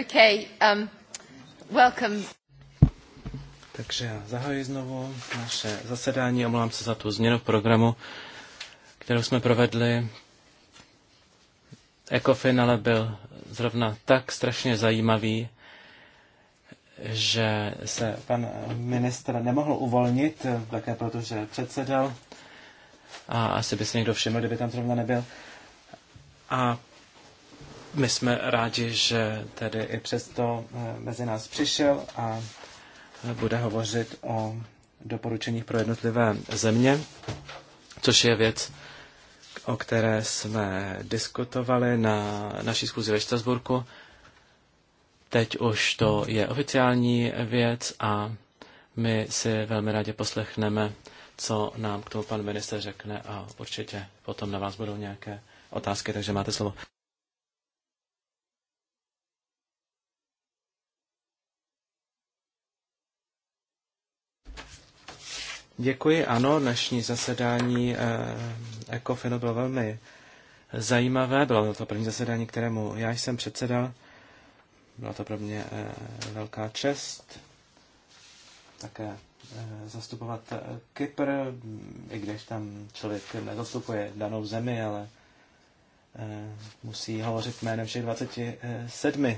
Okay, um, welcome. Takže já zahajuji znovu naše zasedání. Omlouvám se za tu změnu v programu, kterou jsme provedli. Ekofin ale byl zrovna tak strašně zajímavý, že se pan ministr nemohl uvolnit, také protože předsedal. A asi by si někdo všiml, kdyby tam zrovna nebyl. A my jsme rádi, že tedy i přesto eh, mezi nás přišel a eh, bude hovořit o doporučeních pro jednotlivé země, což je věc, o které jsme diskutovali na naší schůzi ve Štrasburku. Teď už to je oficiální věc a my si velmi rádi poslechneme, co nám k tomu pan minister řekne a určitě potom na vás budou nějaké otázky, takže máte slovo. Děkuji, ano, dnešní zasedání eh, ECOFINu bylo velmi zajímavé. Bylo to první zasedání, kterému já jsem předsedal. Byla to pro mě eh, velká čest také eh, zastupovat Kypr, mm, i když tam člověk nezastupuje danou zemi, ale musí hovořit jménem všech 27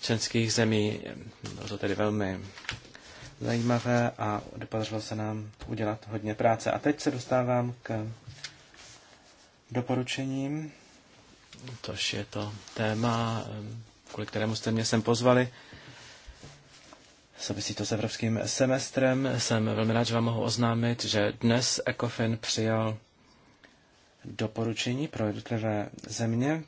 členských zemí. Bylo to tedy velmi zajímavé a podařilo se nám udělat hodně práce. A teď se dostávám k doporučením, Tož je to téma, kvůli kterému jste mě sem pozvali. Souvisí to s evropským semestrem. Jsem velmi rád, že vám mohu oznámit, že dnes ECOFIN přijal doporučení pro jednotlivé země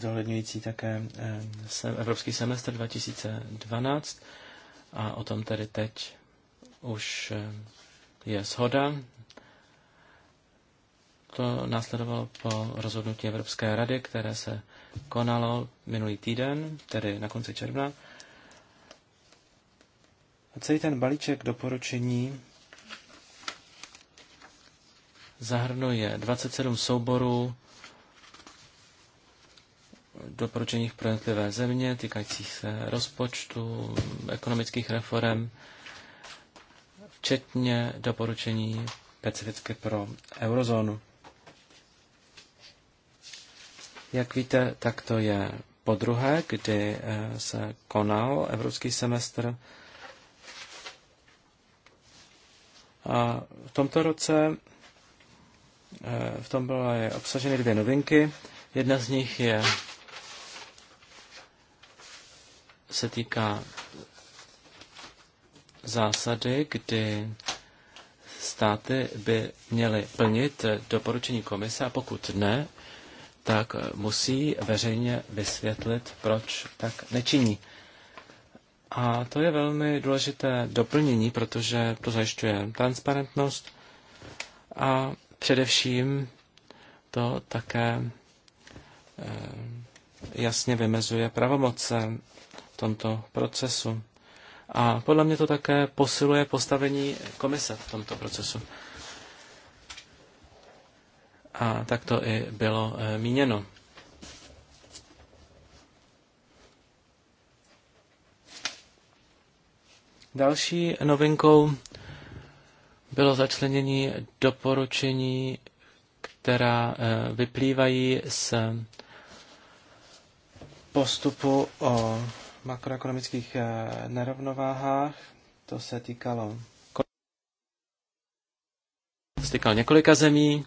zohledňující také eh, Evropský semestr 2012 a o tom tedy teď už eh, je shoda. To následovalo po rozhodnutí Evropské rady, které se konalo minulý týden, tedy na konci června. A celý ten balíček doporučení zahrnuje 27 souborů doporučeních pro jednotlivé země týkajících se rozpočtu, ekonomických reform, včetně doporučení specificky pro eurozónu. Jak víte, tak to je po druhé, kdy eh, se konal evropský semestr. A v tomto roce eh, v tom byly obsaženy dvě novinky. Jedna z nich je se týká zásady, kdy státy by měly plnit doporučení komise a pokud ne, tak musí veřejně vysvětlit, proč tak nečiní. A to je velmi důležité doplnění, protože to zajišťuje transparentnost a především to také eh, jasně vymezuje pravomoce tomto procesu. A podle mě to také posiluje postavení komise v tomto procesu. A tak to i bylo eh, míněno. Další novinkou bylo začlenění doporučení, která eh, vyplývají z postupu o makroekonomických eh, nerovnováhách. To se týkalo stýkal několika zemí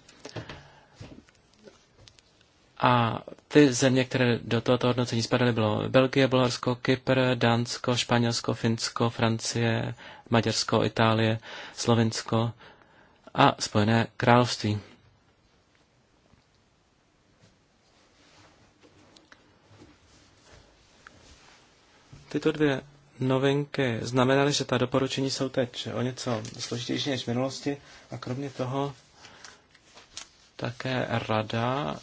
a ty země, které do tohoto hodnocení spadaly, bylo Belgie, Bulharsko, Kypr, Dánsko, Španělsko, Finsko, Francie, Maďarsko, Itálie, Slovinsko a Spojené království. Tyto dvě novinky znamenaly, že ta doporučení jsou teď o něco složitější než v minulosti a kromě toho také rada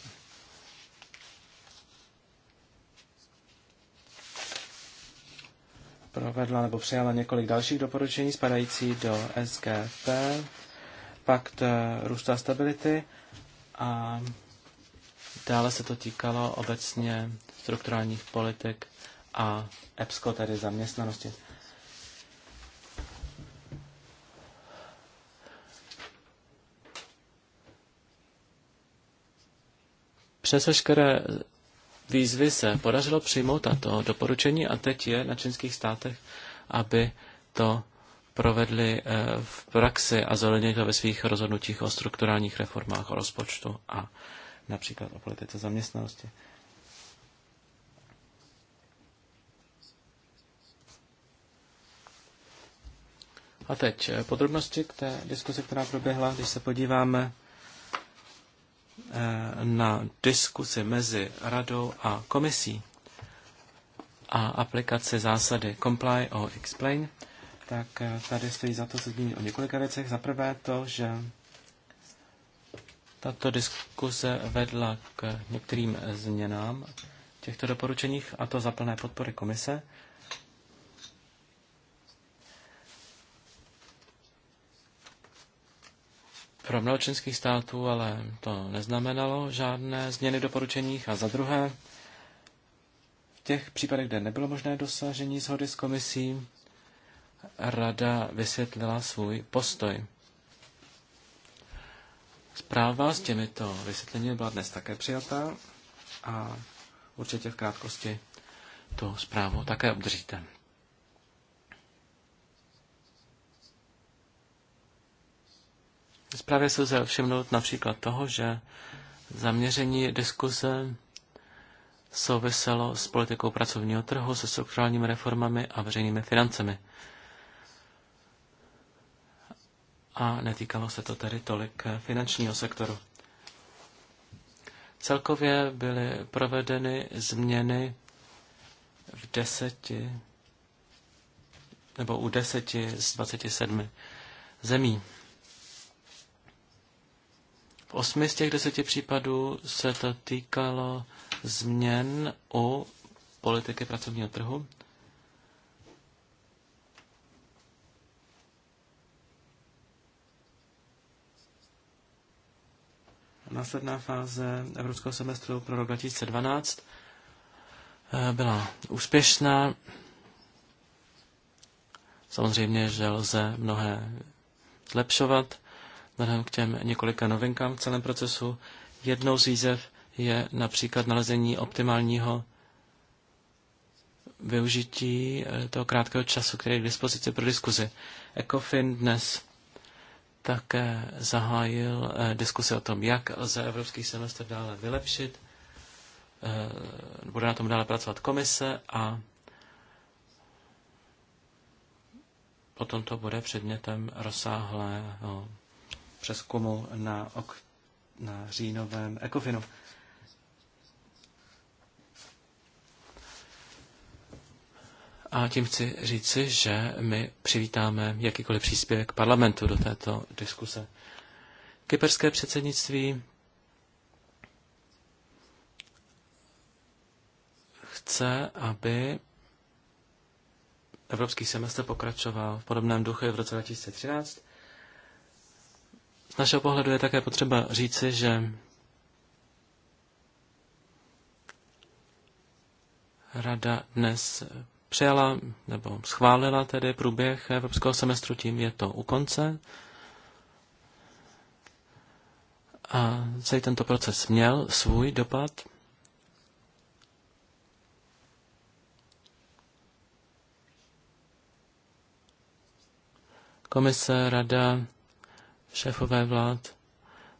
provedla nebo přijala několik dalších doporučení spadající do SGP, Pakt eh, růstu a stability a dále se to týkalo obecně strukturálních politik a EBSCO, tedy zaměstnanosti. Přes veškeré výzvy se podařilo přijmout tato doporučení a teď je na čínských státech, aby to provedli eh, v praxi a zohlednili to ve svých rozhodnutích o strukturálních reformách, o rozpočtu a například o politice zaměstnanosti. A teď eh, podrobnosti k té diskuzi, která proběhla, když se podíváme eh, na diskuzi mezi radou a komisí a aplikaci zásady comply or explain, tak eh, tady stojí za to se zmínit o několika věcech. Za prvé to, že tato diskuze vedla k některým změnám těchto doporučeních, a to za plné podpory komise. pro mnoho členských států, ale to neznamenalo žádné změny v doporučeních. A za druhé, v těch případech, kde nebylo možné dosažení shody s komisí, rada vysvětlila svůj postoj. Zpráva s těmito vysvětleními byla dnes také přijatá a určitě v krátkosti tu zprávu také obdržíte. zprávě se lze všimnout například toho, že zaměření diskuze souviselo s politikou pracovního trhu, se strukturálními reformami a veřejnými financemi. A netýkalo se to tedy tolik finančního sektoru. Celkově byly provedeny změny v deseti nebo u deseti z 27 zemí. V osmi z těch deseti případů se to týkalo změn u politiky pracovního trhu. Následná fáze Evropského semestru pro rok 2012 eh, byla úspěšná. Samozřejmě, že lze mnohé zlepšovat vzhledem k těm několika novinkám v celém procesu. Jednou z výzev je například nalezení optimálního využití eh, toho krátkého času, který je k dispozici pro diskuzi. ECOFIN dnes také zahájil eh, diskusi o tom, jak lze evropský semestr dále vylepšit. Eh, bude na tom dále pracovat komise a potom to bude předmětem rozsáhlého přeskumu na, ok, na říjnovém ekofinu A tím chci říci, že my přivítáme jakýkoliv příspěvek parlamentu do této diskuse. Kyperské předsednictví chce, aby evropský semestr pokračoval v podobném duchu v roce 2013 z našeho pohledu je také potřeba říci, že Rada dnes přijala nebo schválila tedy průběh evropského semestru, tím je to u konce. A celý tento proces měl svůj dopad. Komise, rada, šéfové vlád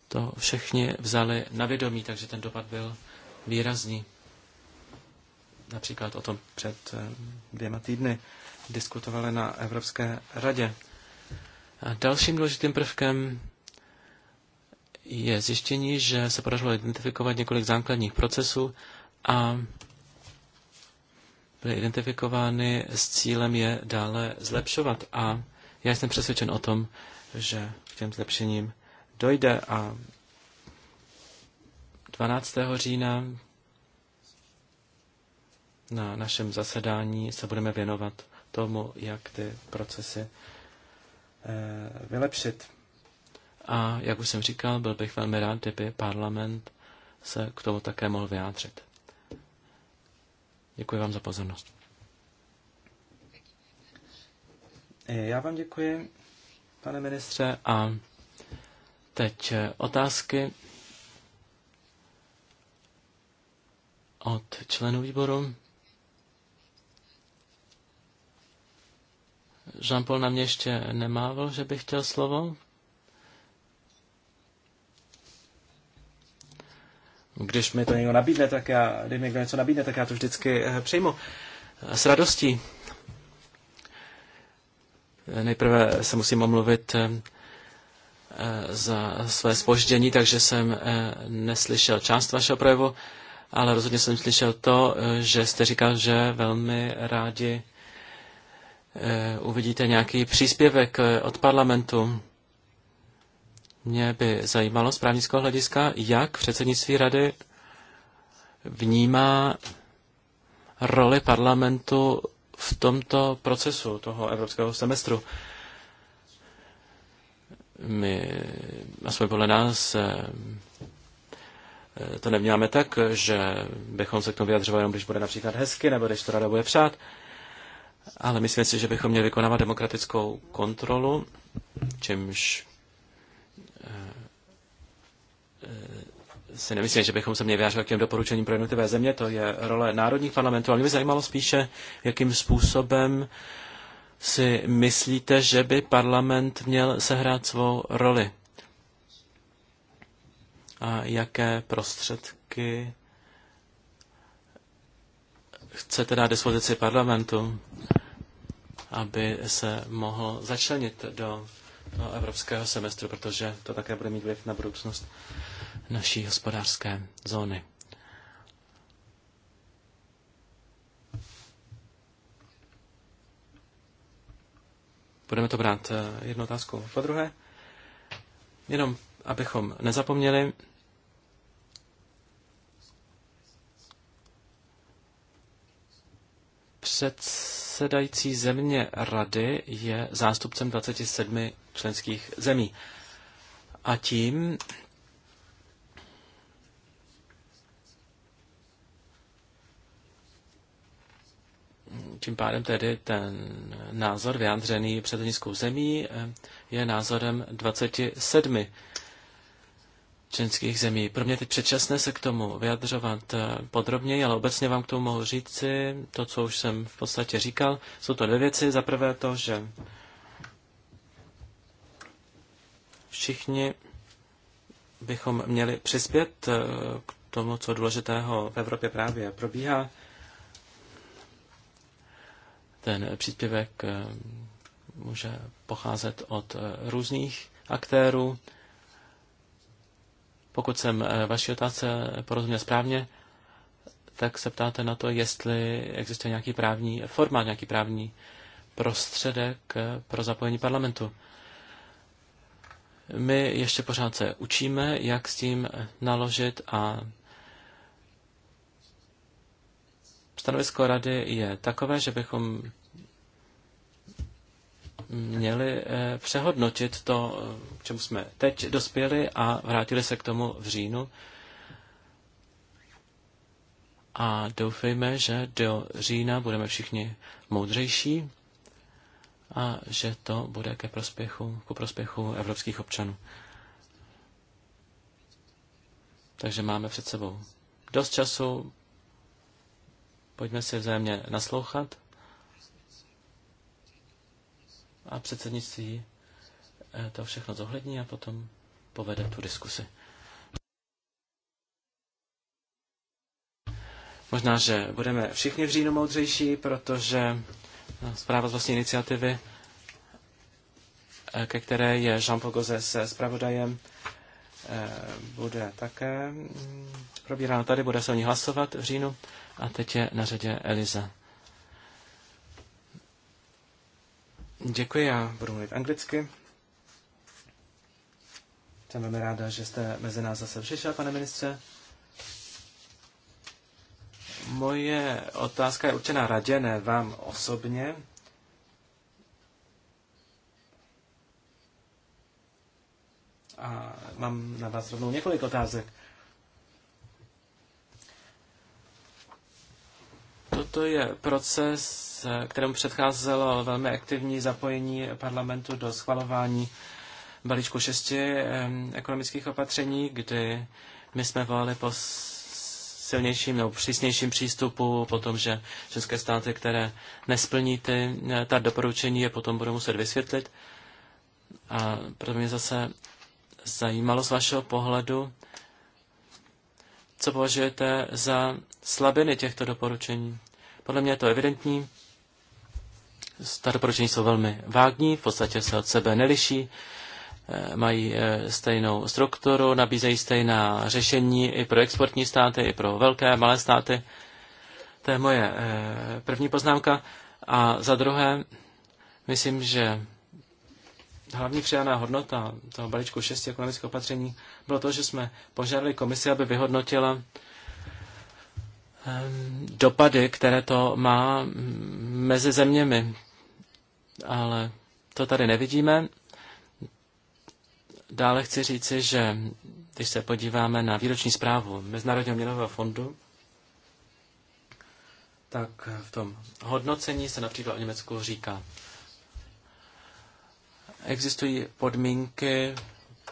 to všichni vzali na vědomí, takže ten dopad byl výrazný. Například o tom před eh, dvěma týdny diskutovali na Evropské radě. A dalším důležitým prvkem je zjištění, že se podařilo identifikovat několik základních procesů a byly identifikovány s cílem je dále zlepšovat. A já jsem přesvědčen o tom, že k těm zlepšením dojde a 12. října na našem zasedání se budeme věnovat tomu, jak ty procesy eh, vylepšit. A jak už jsem říkal, byl bych velmi rád, kdyby parlament se k tomu také mohl vyjádřit. Děkuji vám za pozornost. Já vám děkuji pane ministře. A teď otázky od členů výboru. Jean-Paul na mě ještě nemával, že bych chtěl slovo. Když mi to někdo nabídne, tak já, když mi někdo něco nabídne, tak já to vždycky eh, přejmu. S radostí. Nejprve se musím omluvit eh, eh, za své spoždění, takže jsem eh, neslyšel část vašeho projevu, ale rozhodně jsem slyšel to, že jste říkal, že velmi rádi uvidíte nějaký příspěvek od parlamentu. Mě by zajímalo z právnického hlediska, jak předsednictví rady vnímá roli parlamentu v tomto procesu toho evropského semestru. My, aspoň podle nás, eh, to nevnímáme tak, že bychom se k tomu vyjadřovali jenom, když bude například hezky, nebo když to rada bude přát, ale myslím si, že bychom měli vykonávat demokratickou kontrolu, čímž eh, si nemyslím, že bychom se měli vyjádřit k těm doporučením pro jednotlivé země, to je role národních parlamentů, ale mě by zajímalo spíše, jakým způsobem si myslíte, že by parlament měl sehrát svou roli? A jaké prostředky chcete dát dispozici parlamentu, aby se mohl začlenit do, do evropského semestru, protože to také bude mít vliv na budoucnost. Uh, naší hospodářské zóny. Budeme to brát eh, jednu otázku po druhé. Jenom abychom nezapomněli, předsedající země rady je zástupcem 27 členských zemí. A tím tím pádem tedy ten názor vyjádřený nízkou zemí eh, je názorem 27 členských zemí. Pro mě teď předčasné se k tomu vyjadřovat eh, podrobněji, ale obecně vám k tomu mohu říci to, co už jsem v podstatě říkal. Jsou to dvě věci. Za prvé to, že všichni bychom měli přispět eh, k tomu, co důležitého v Evropě právě probíhá. Ten příspěvek eh, může pocházet od eh, různých aktérů. Pokud jsem eh, vaši otázce porozuměl správně, tak se ptáte na to, jestli existuje nějaký právní formát, nějaký právní prostředek pro zapojení parlamentu. My ještě pořád se učíme, jak s tím naložit a Stanovisko rady je takové, že bychom měli eh, přehodnotit to, eh, k čemu jsme teď dospěli a vrátili se k tomu v říjnu. A doufejme, že do října budeme všichni moudřejší a že to bude ke prospěchu, ku prospěchu evropských občanů. Takže máme před sebou dost času, Pojďme si vzájemně naslouchat. A předsednictví eh, to všechno zohlední a potom povede tu diskusi. Možná, že budeme všichni v říjnu moudřejší, protože eh, zpráva z vlastní iniciativy, eh, ke které je Jean-Paul Goze se zpravodajem, Eh, bude také mm, probíráno tady, bude se o ní hlasovat v říjnu a teď je na řadě Eliza. Děkuji, já budu mluvit anglicky. Jsem velmi ráda, že jste mezi nás zase přišel, pane ministře. Moje otázka je určená radě, ne vám osobně. A mám na vás rovnou několik otázek. Toto je proces, kterému předcházelo velmi aktivní zapojení parlamentu do schvalování balíčku šesti ekonomických opatření, kdy my jsme volali po silnějším nebo přísnějším přístupu, potom, že české státy, které nesplní ty, eh, ta doporučení, je potom budou muset vysvětlit. A proto mě zase zajímalo z vašeho pohledu, co považujete za slabiny těchto doporučení. Podle mě je to evidentní. Ta doporučení jsou velmi vágní, v podstatě se od sebe neliší, eh, mají eh, stejnou strukturu, nabízejí stejná řešení i pro exportní státy, i pro velké a malé státy. To je moje eh, první poznámka. A za druhé, myslím, že hlavní přijaná hodnota toho balíčku šesti ekonomických opatření bylo to, že jsme požádali komisi, aby vyhodnotila ehm, dopady, které to má mm, mezi zeměmi. Ale to tady nevidíme. Dále chci říci, že když se podíváme na výroční zprávu Mezinárodního měnového fondu, tak v tom hodnocení se například o Německu říká Existují podmínky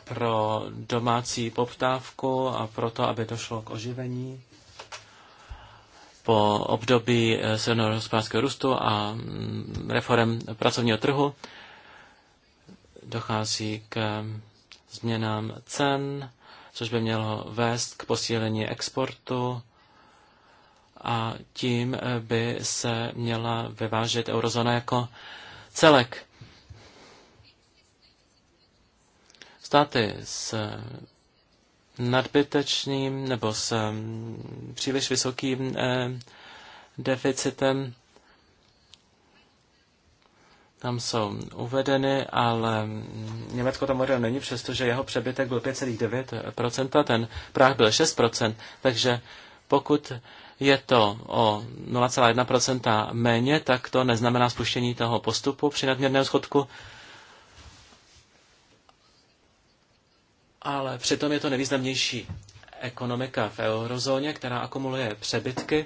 pro domácí poptávku a pro to, aby došlo k oživení po období eh, silného hospodářského růstu a mm, reform pracovního trhu. Dochází k eh, změnám cen, což by mělo vést k posílení exportu a tím eh, by se měla vyvážet eurozóna jako celek. státy s nadbytečným nebo s mm, příliš vysokým eh, deficitem tam jsou uvedeny, ale Německo tam model není, přestože jeho přebytek byl 5,9%, ten práh byl 6%, takže pokud je to o 0,1% méně, tak to neznamená spuštění toho postupu při nadměrném schodku. ale přitom je to nejvýznamnější ekonomika v eurozóně, která akumuluje přebytky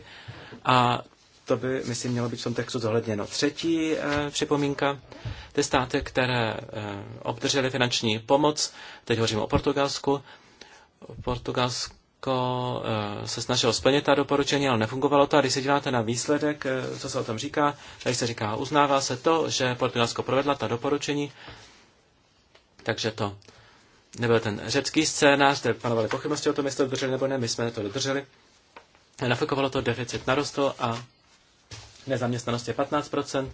a to by, myslím, mělo být v tom textu zohledněno. Třetí e, připomínka, ty státy, které e, obdržely finanční pomoc, teď hovořím o Portugalsku, Portugalsko e, se snažilo splnit ta doporučení, ale nefungovalo to. A když se díváte na výsledek, e, co se o tom říká, tady se říká, uznává se to, že Portugalsko provedla ta doporučení, takže to nebyl ten řecký scénář, kde panovaly pochybnosti o tom, jestli to dodrželi nebo ne, my jsme to dodrželi. Nafukovalo to, deficit narostl a nezaměstnanost je 15%.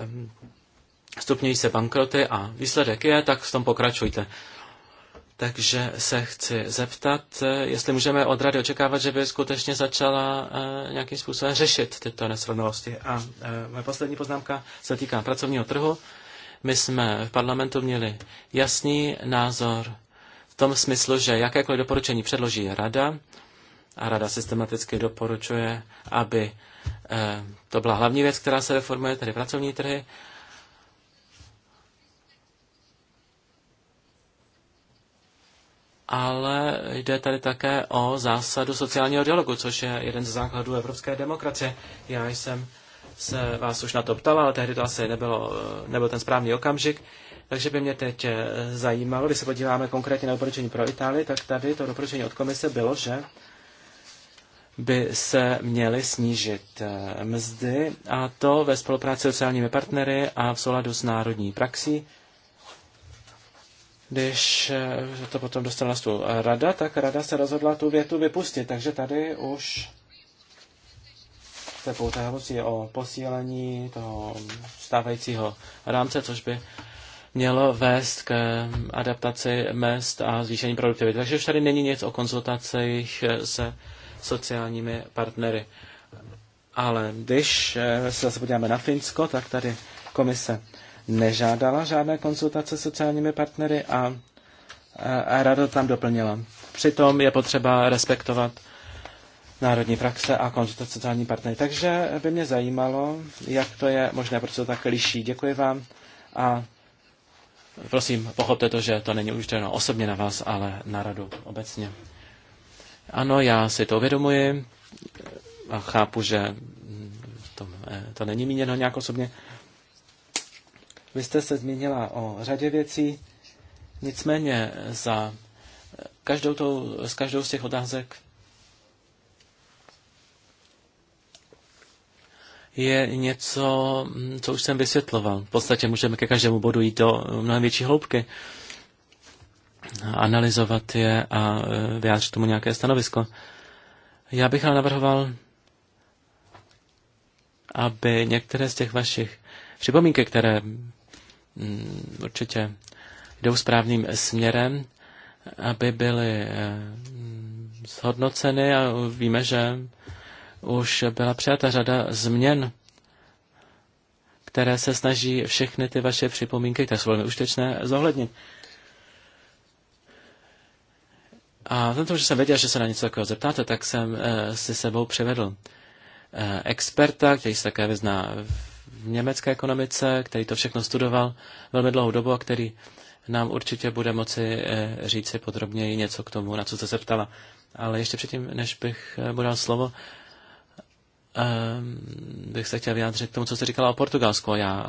Ehm, stupňují se bankroty a výsledek je, tak v tom pokračujte. Takže se chci zeptat, eh, jestli můžeme od rady očekávat, že by skutečně začala eh, nějakým způsobem řešit tyto nesrovnalosti. A eh, moje poslední poznámka se týká pracovního trhu. My jsme v parlamentu měli jasný názor v tom smyslu, že jakékoliv doporučení předloží rada, a rada systematicky doporučuje, aby eh, to byla hlavní věc, která se reformuje, tedy pracovní trhy, ale jde tady také o zásadu sociálního dialogu, což je jeden z základů evropské demokracie. Já jsem se vás už na to ptala, ale tehdy to asi nebylo, nebyl ten správný okamžik. Takže by mě teď eh, zajímalo, když se podíváme konkrétně na doporučení pro Itálii, tak tady to doporučení od komise bylo, že by se měly snížit eh, mzdy a to ve spolupráci s sociálními partnery a v souladu s národní praxí. Když eh, to potom dostala na stůl rada, tak rada se rozhodla tu větu vypustit, takže tady už se pouze hovoří o posílení toho stávajícího rámce, což by mělo vést k adaptaci mest a zvýšení produktivity. Takže už tady není nic o konzultacích se sociálními partnery. Ale když eh, se zase podíváme na Finsko, tak tady komise nežádala žádné konzultace s sociálními partnery a, eh, a rada tam doplnila. Přitom je potřeba respektovat národní frakce a konzultace sociální partnery. Takže by mě zajímalo, jak to je možné, proč to tak liší. Děkuji vám a prosím, pochopte to, že to není už jen osobně na vás, ale na radu obecně. Ano, já si to uvědomuji a chápu, že to, to není míněno nějak osobně. Vy jste se zmínila o řadě věcí, nicméně za každou tou, z každou z těch otázek je něco, co už jsem vysvětloval. V podstatě můžeme ke každému bodu jít do mnohem větší hloubky, analyzovat je a e, vyjádřit tomu nějaké stanovisko. Já bych ale navrhoval, aby některé z těch vašich připomínek, které mm, určitě jdou správným směrem, aby byly e, zhodnoceny a víme, že už byla přijata řada změn, které se snaží všechny ty vaše připomínky, které jsou velmi užitečné, zohlednit. A vzhledem tomu, že jsem věděl, že se na něco takového zeptáte, tak jsem e, si sebou přivedl e, experta, který se také vyzná v německé ekonomice, který to všechno studoval velmi dlouhou dobu a který nám určitě bude moci e, eh, říci podrobněji něco k tomu, na co jste se ptala. Ale ještě předtím, než bych mu dal slovo, Ehm, bych se chtěl vyjádřit k tomu, co jste říkala o Portugalsku. Já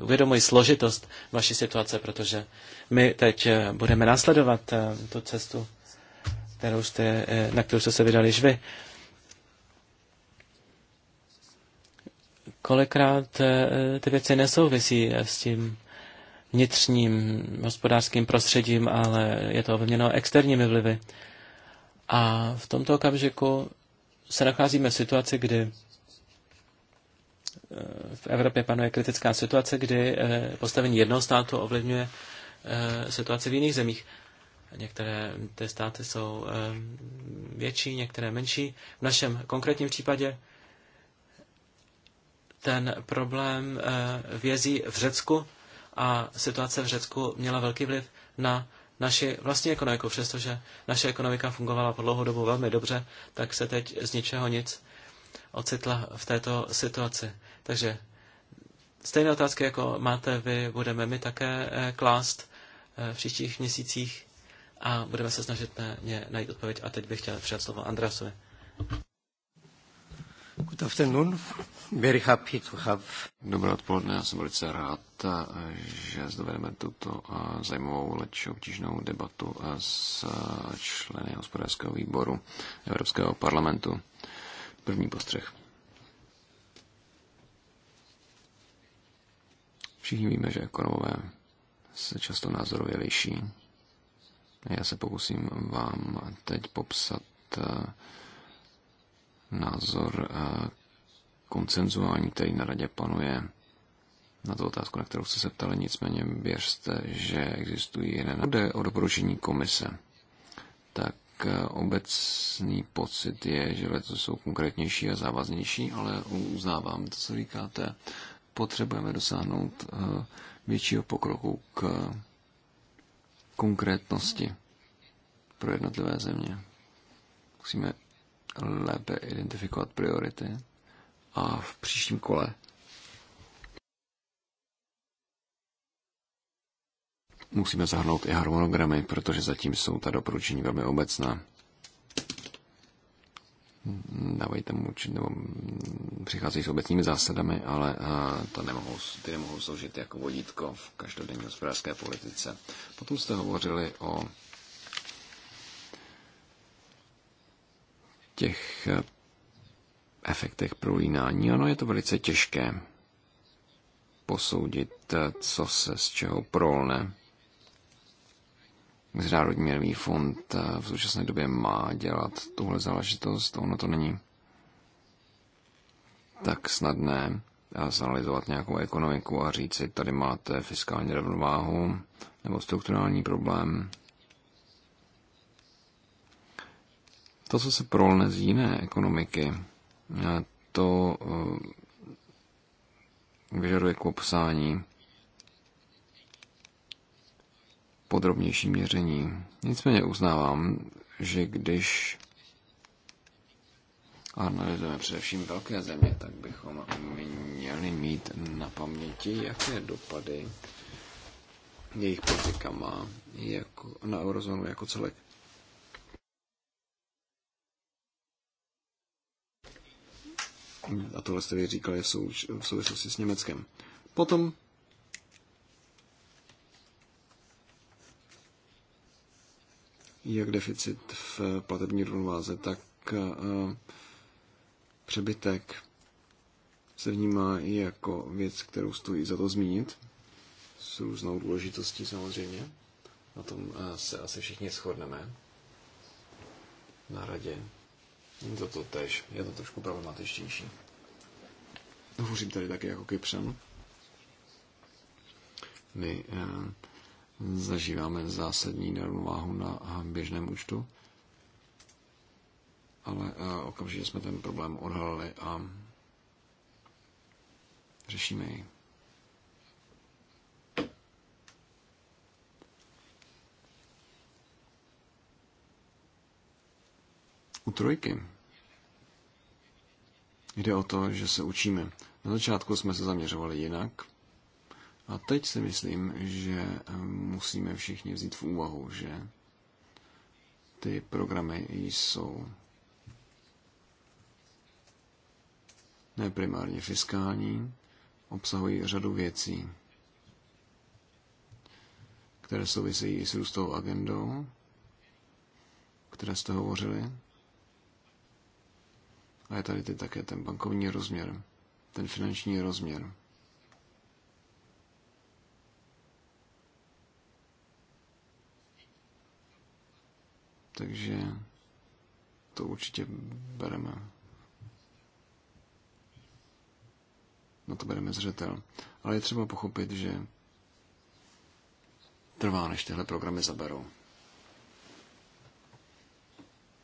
uvědomuji složitost vaší situace, protože my teď eh, budeme následovat eh, tu cestu, kterou jste, eh, na kterou jste se vydali vy. Kolikrát ty věci nesouvisí s tím vnitřním hospodářským prostředím, ale je to ovlivněno externími vlivy. A v tomto okamžiku se nacházíme v situaci, kdy eh, v Evropě panuje kritická situace, kdy eh, postavení jednoho státu ovlivňuje eh, situaci v jiných zemích. Některé ty státy jsou větší, některé menší. V našem konkrétním případě ten problém vězí v Řecku a situace v Řecku měla velký vliv na naši vlastní ekonomiku. Jako, jako Přestože naše ekonomika fungovala po dlouhou dobu velmi dobře, tak se teď z ničeho nic ocitla v této situaci. Takže stejné otázky, jako máte vy, budeme my také eh, klást eh, v příštích měsících a budeme se snažit na ně najít odpověď. A teď bych chtěl předat slovo Andrasovi. Dobré odpoledne, já jsem velice rád, že zdovedeme tuto eh, zajímavou, leč obtížnou debatu eh, s eh, členy hospodářského výboru Evropského parlamentu. První postřeh. Všichni víme, že ekonomové se často názorově liší. Já se pokusím vám teď popsat názor eh, koncenzuální, který na radě panuje na tu otázku, na kterou jste se ptali, nicméně věřte, že existují jiné jde o doporučení komise. Tak eh, obecný pocit je, že věci jsou konkrétnější a závaznější, ale uznávám to, co říkáte. Potřebujeme dosáhnout eh, většího pokroku k konkrétnosti pro jednotlivé země. Musíme lépe identifikovat priority a v příštím kole musíme zahrnout i harmonogramy, protože zatím jsou ta doporučení velmi obecná. Dávají tam určitě, nebo přicházejí s obecnými zásadami, ale eh, to nemohou, ty nemohou sloužit jako vodítko v každodenní hospodářské politice. Potom jste hovořili o těch eh, efektech prolínání. Ano, je to velice těžké posoudit, eh, co se z čeho prolne. Mezinárodní měnový fond eh, v současné době má dělat tuhle záležitost, ono to není tak snadné zanalizovat nějakou ekonomiku a říct si, tady máte fiskální rovnováhu nebo strukturální problém, To, co se prolne z jiné ekonomiky, eh, to eh, vyžaduje k popsání podrobnější měření. Nicméně uznávám, že když analyzujeme především velké země, tak bychom měli mít na paměti, jaké dopady jejich politika má jako, na eurozónu jako celek. A tohle jste říkali v, sou, v souvislosti s Německem. Potom jak deficit v platební rovnováze, tak eh, přebytek se vnímá i jako věc, kterou stojí za to zmínit, s různou důležitostí samozřejmě. Na tom eh, se asi všichni shodneme na radě. Není to to tež, je to trošku problematičtější. Hovořím tady taky jako Kypřan. My eh, zažíváme zásadní nerovnováhu na eh, běžném účtu, ale eh, okamžitě jsme ten problém odhalili a řešíme ji. U trojky jde o to, že se učíme. Na začátku jsme se zaměřovali jinak a teď si myslím, že eh, musíme všichni vzít v úvahu, že ty programy jsou neprimárně fiskální, obsahují řadu věcí, které souvisejí s růstovou agendou, které jste hovořili, a je tady ty také ten bankovní rozměr, ten finanční rozměr. Takže to určitě bereme. Na to bereme zřetel. Ale je třeba pochopit, že trvá, než tyhle programy zaberou.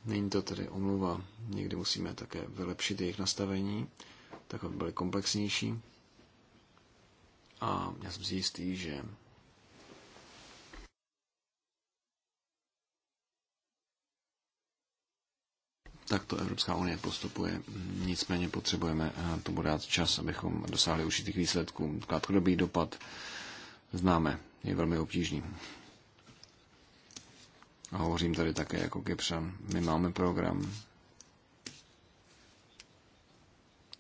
Není to tedy omluva. Někdy musíme také vylepšit jejich nastavení, tak aby byly komplexnější. A já jsem si jistý, že tak to Evropská unie postupuje. Nicméně potřebujeme eh, tomu dát čas, abychom dosáhli určitých výsledků. Krátkodobý dopad známe, je velmi obtížný. A hovořím tady také jako Kypřan. My máme program.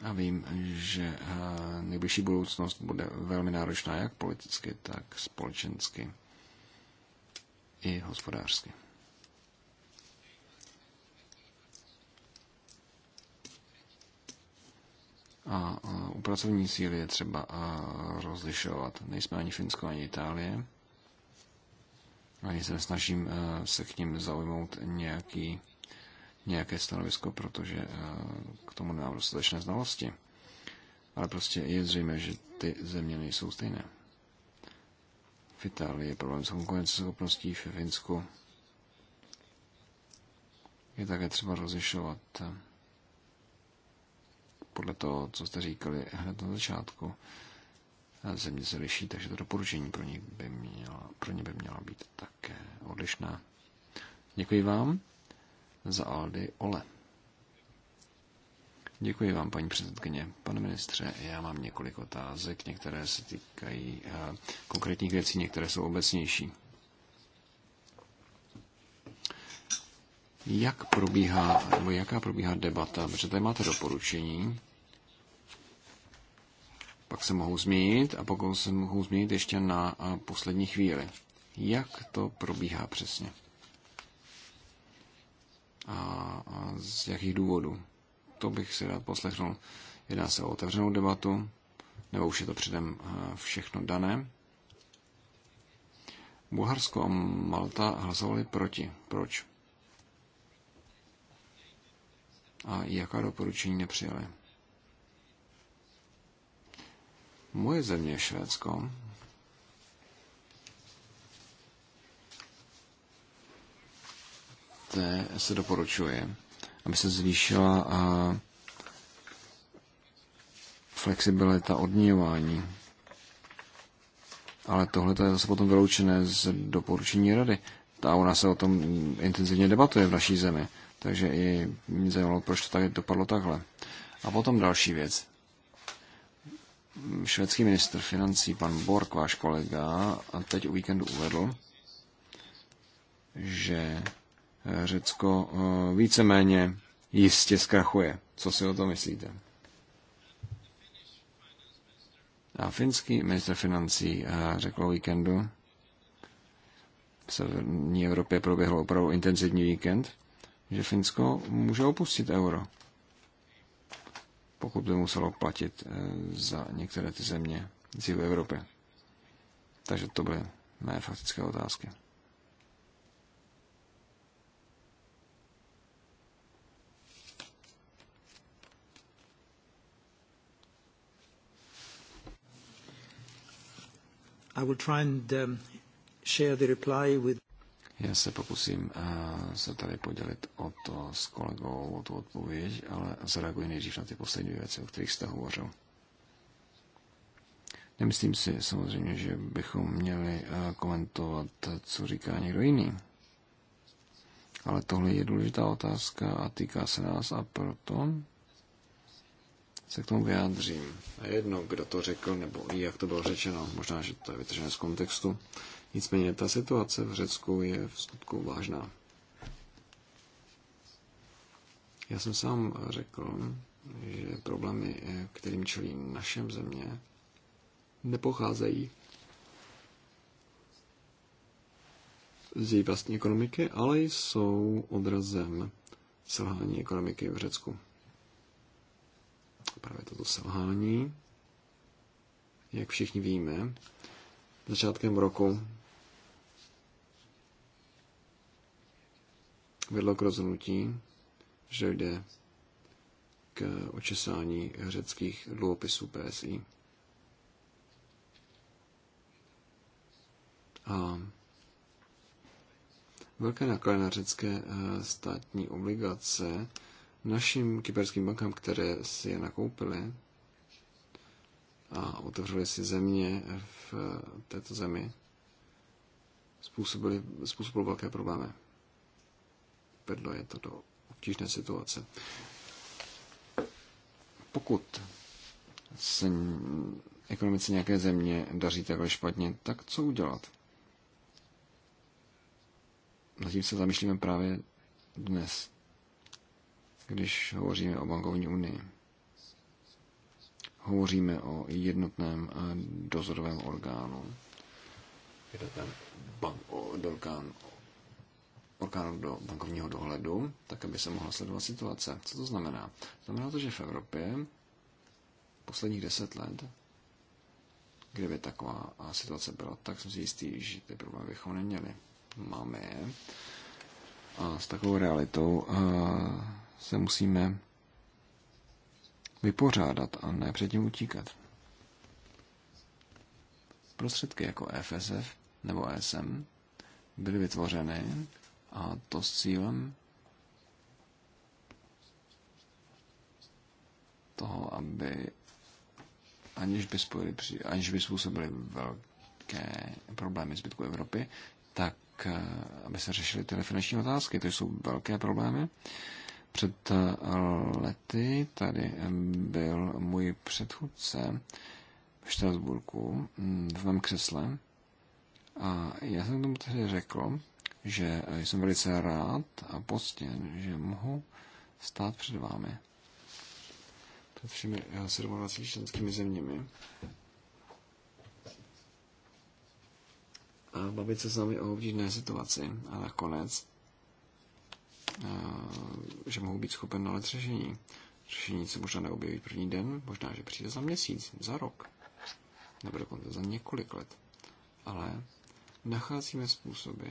A vím, že eh, nejbližší budoucnost bude velmi náročná jak politicky, tak společensky i hospodářsky. A eh, u pracovní síly je třeba eh, rozlišovat. Nejsme ani Finsko, ani Itálie a já se snažím eh, se k ním zaujmout nějaký, nějaké stanovisko, protože eh, k tomu nemám dostatečné znalosti. Ale prostě je zřejmé, že ty země nejsou stejné. V Itálii je problém s konkurenceschopností, v Finsku je také třeba rozlišovat eh, podle toho, co jste říkali hned na začátku, země se liší, takže to doporučení pro ně by měla, pro ně by měla být také odlišná. Děkuji vám za Aldy Ole. Děkuji vám, paní předsedkyně. Pane ministře, já mám několik otázek. Některé se týkají eh, konkrétních věcí, některé jsou obecnější. Jak probíhá, nebo jaká probíhá debata, protože tady máte doporučení, pak se mohou změnit a pokud se mohou změnit ještě na poslední chvíli. Jak to probíhá přesně? A, a z jakých důvodů? To bych si rád poslechnul. Jedná se o otevřenou debatu, nebo už je to předem všechno dané. Bulharsko a Malta hlasovali proti. Proč? A jaká doporučení nepřijali? Moje země, Švédsko, té se doporučuje, aby se zvýšila a flexibilita odměňování. Ale tohle je zase potom vyloučené z doporučení rady. u ona se o tom intenzivně debatuje v naší zemi. Takže i mě zajímalo, proč to tady dopadlo takhle. A potom další věc švédský ministr financí, pan Bork, váš kolega, a teď o víkendu uvedl, že eh, Řecko eh, víceméně jistě zkrachuje. Co si o to myslíte? A finský minister financí eh, řekl o víkendu, v severní Evropě proběhl opravdu intenzivní víkend, že Finsko může opustit euro pokud by muselo platit eh, za některé ty země z jihu Evropy. Takže to byly mé faktické otázky. I will try and um, share the reply with já se pokusím eh, se tady podělit o to s kolegou, o tu odpověď, ale zareaguji nejdřív na ty poslední věci, o kterých jste hovořil. Nemyslím si samozřejmě, že bychom měli eh, komentovat, co říká někdo jiný. Ale tohle je důležitá otázka a týká se nás a proto se k tomu vyjádřím. A jedno, kdo to řekl, nebo i jak to bylo řečeno, možná, že to je vytržené z kontextu, Nicméně ta situace v Řecku je v skutku vážná. Já jsem sám řekl, že problémy, kterým čelí našem země, nepocházejí z její vlastní ekonomiky, ale jsou odrazem selhání ekonomiky v Řecku. Právě toto selhání, jak všichni víme, začátkem roku vedlo k rozhodnutí, že jde k očesání řeckých dluhopisů PSI. A velké náklady na řecké eh, státní obligace našim kyperským bankám, které si je nakoupily a otevřeli si země v eh, této zemi, způsobily, způsobilo velké problémy vedlo je to do obtížné situace. Pokud se ekonomice nějaké země daří takhle špatně, tak co udělat? tím se zamýšlíme právě dnes, když hovoříme o bankovní unii. Hovoříme o jednotném dozorovém orgánu, jednotném bank, orgán orgánů do bankovního dohledu, tak aby se mohla sledovat situace. Co to znamená? Znamená to, že v Evropě posledních deset let, kdyby taková situace byla, tak jsme si jistý, že ty problémy bychom neměli. Máme je. A s takovou realitou eh, se musíme vypořádat a ne předtím utíkat. Prostředky jako FSF nebo ESM byly vytvořeny a to s cílem toho, aby aniž by, spojili, aniž by způsobili velké problémy zbytku Evropy, tak eh, aby se řešily ty finanční otázky. To jsou velké problémy. Před eh, lety tady eh, byl můj předchůdce v Štrasburku mm, v mém křesle a já jsem tomu tady řekl, že jsem velice rád a postěn, že mohu stát před vámi, před všemi 27 eh, členskými zeměmi a bavit se s námi o obtížné situaci a nakonec, eh, že mohu být schopen nalet řešení. Řešení se možná neobjeví první den, možná, že přijde za měsíc, za rok, nebo dokonce za několik let. Ale nacházíme způsoby,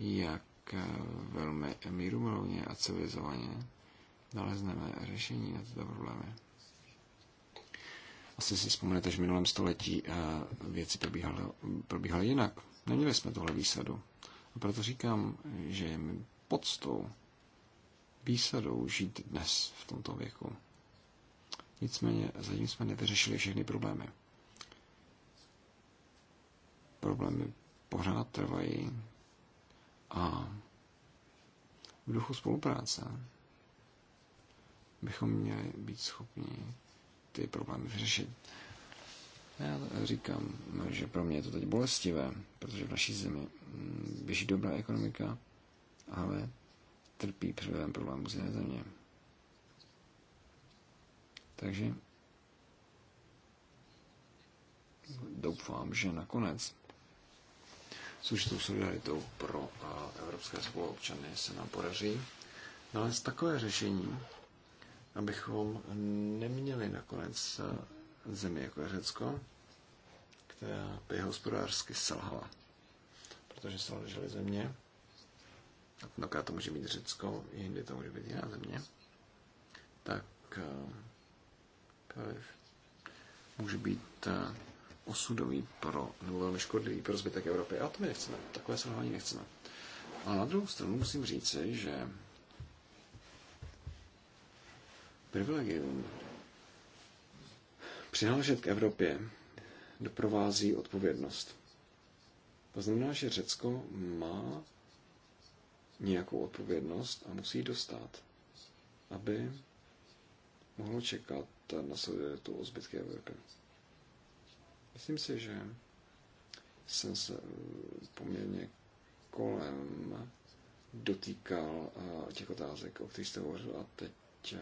jak eh, velmi mírumilovně a civilizovaně nalezneme řešení na tyto problémy. Asi si vzpomenete, že v minulém století eh, věci probíhaly, probíhaly jinak. Neměli jsme tohle výsadu. A proto říkám, že je mi podstou výsadou žít dnes v tomto věku. Nicméně zatím jsme nevyřešili všechny problémy. Problémy pořád trvají, a v duchu spolupráce bychom měli být schopni ty problémy vyřešit. Já říkám, že pro mě je to teď bolestivé, protože v naší zemi běží dobrá ekonomika, ale trpí převedem problémů z jiné země. Takže doufám, že nakonec s určitou solidaritou pro evropské spoluobčany se nám podaří nalézt takové řešení, abychom neměli nakonec zemi jako je Řecko, která by hospodářsky selhala. Protože selžely země, a no, tentokrát to může být Řecko, jindy to může být jiná země, tak eh, může být eh, osudový pro, nebo velmi škodlivý pro zbytek Evropy. A to my nechceme, takové selhání nechceme. A na druhou stranu musím říci, že privilegium přináležet k Evropě doprovází odpovědnost. To znamená, že Řecko má nějakou odpovědnost a musí dostat, aby mohlo čekat na solidaritu o zbytky Evropy. Myslím si, že jsem se eh, poměrně kolem dotýkal eh, těch otázek, o kterých jste hovořil a teď eh,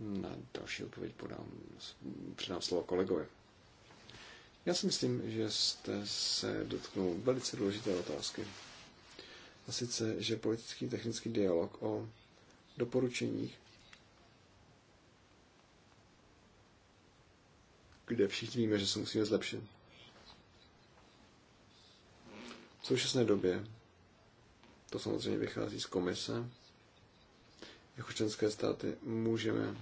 na další odpověď podám, předám slovo kolegovi. Já si myslím, že jste se dotknul velice důležité otázky. A sice, že politický technický dialog o doporučeních kde všichni víme, že se musíme zlepšit. V současné době to samozřejmě vychází z komise. Jako členské státy můžeme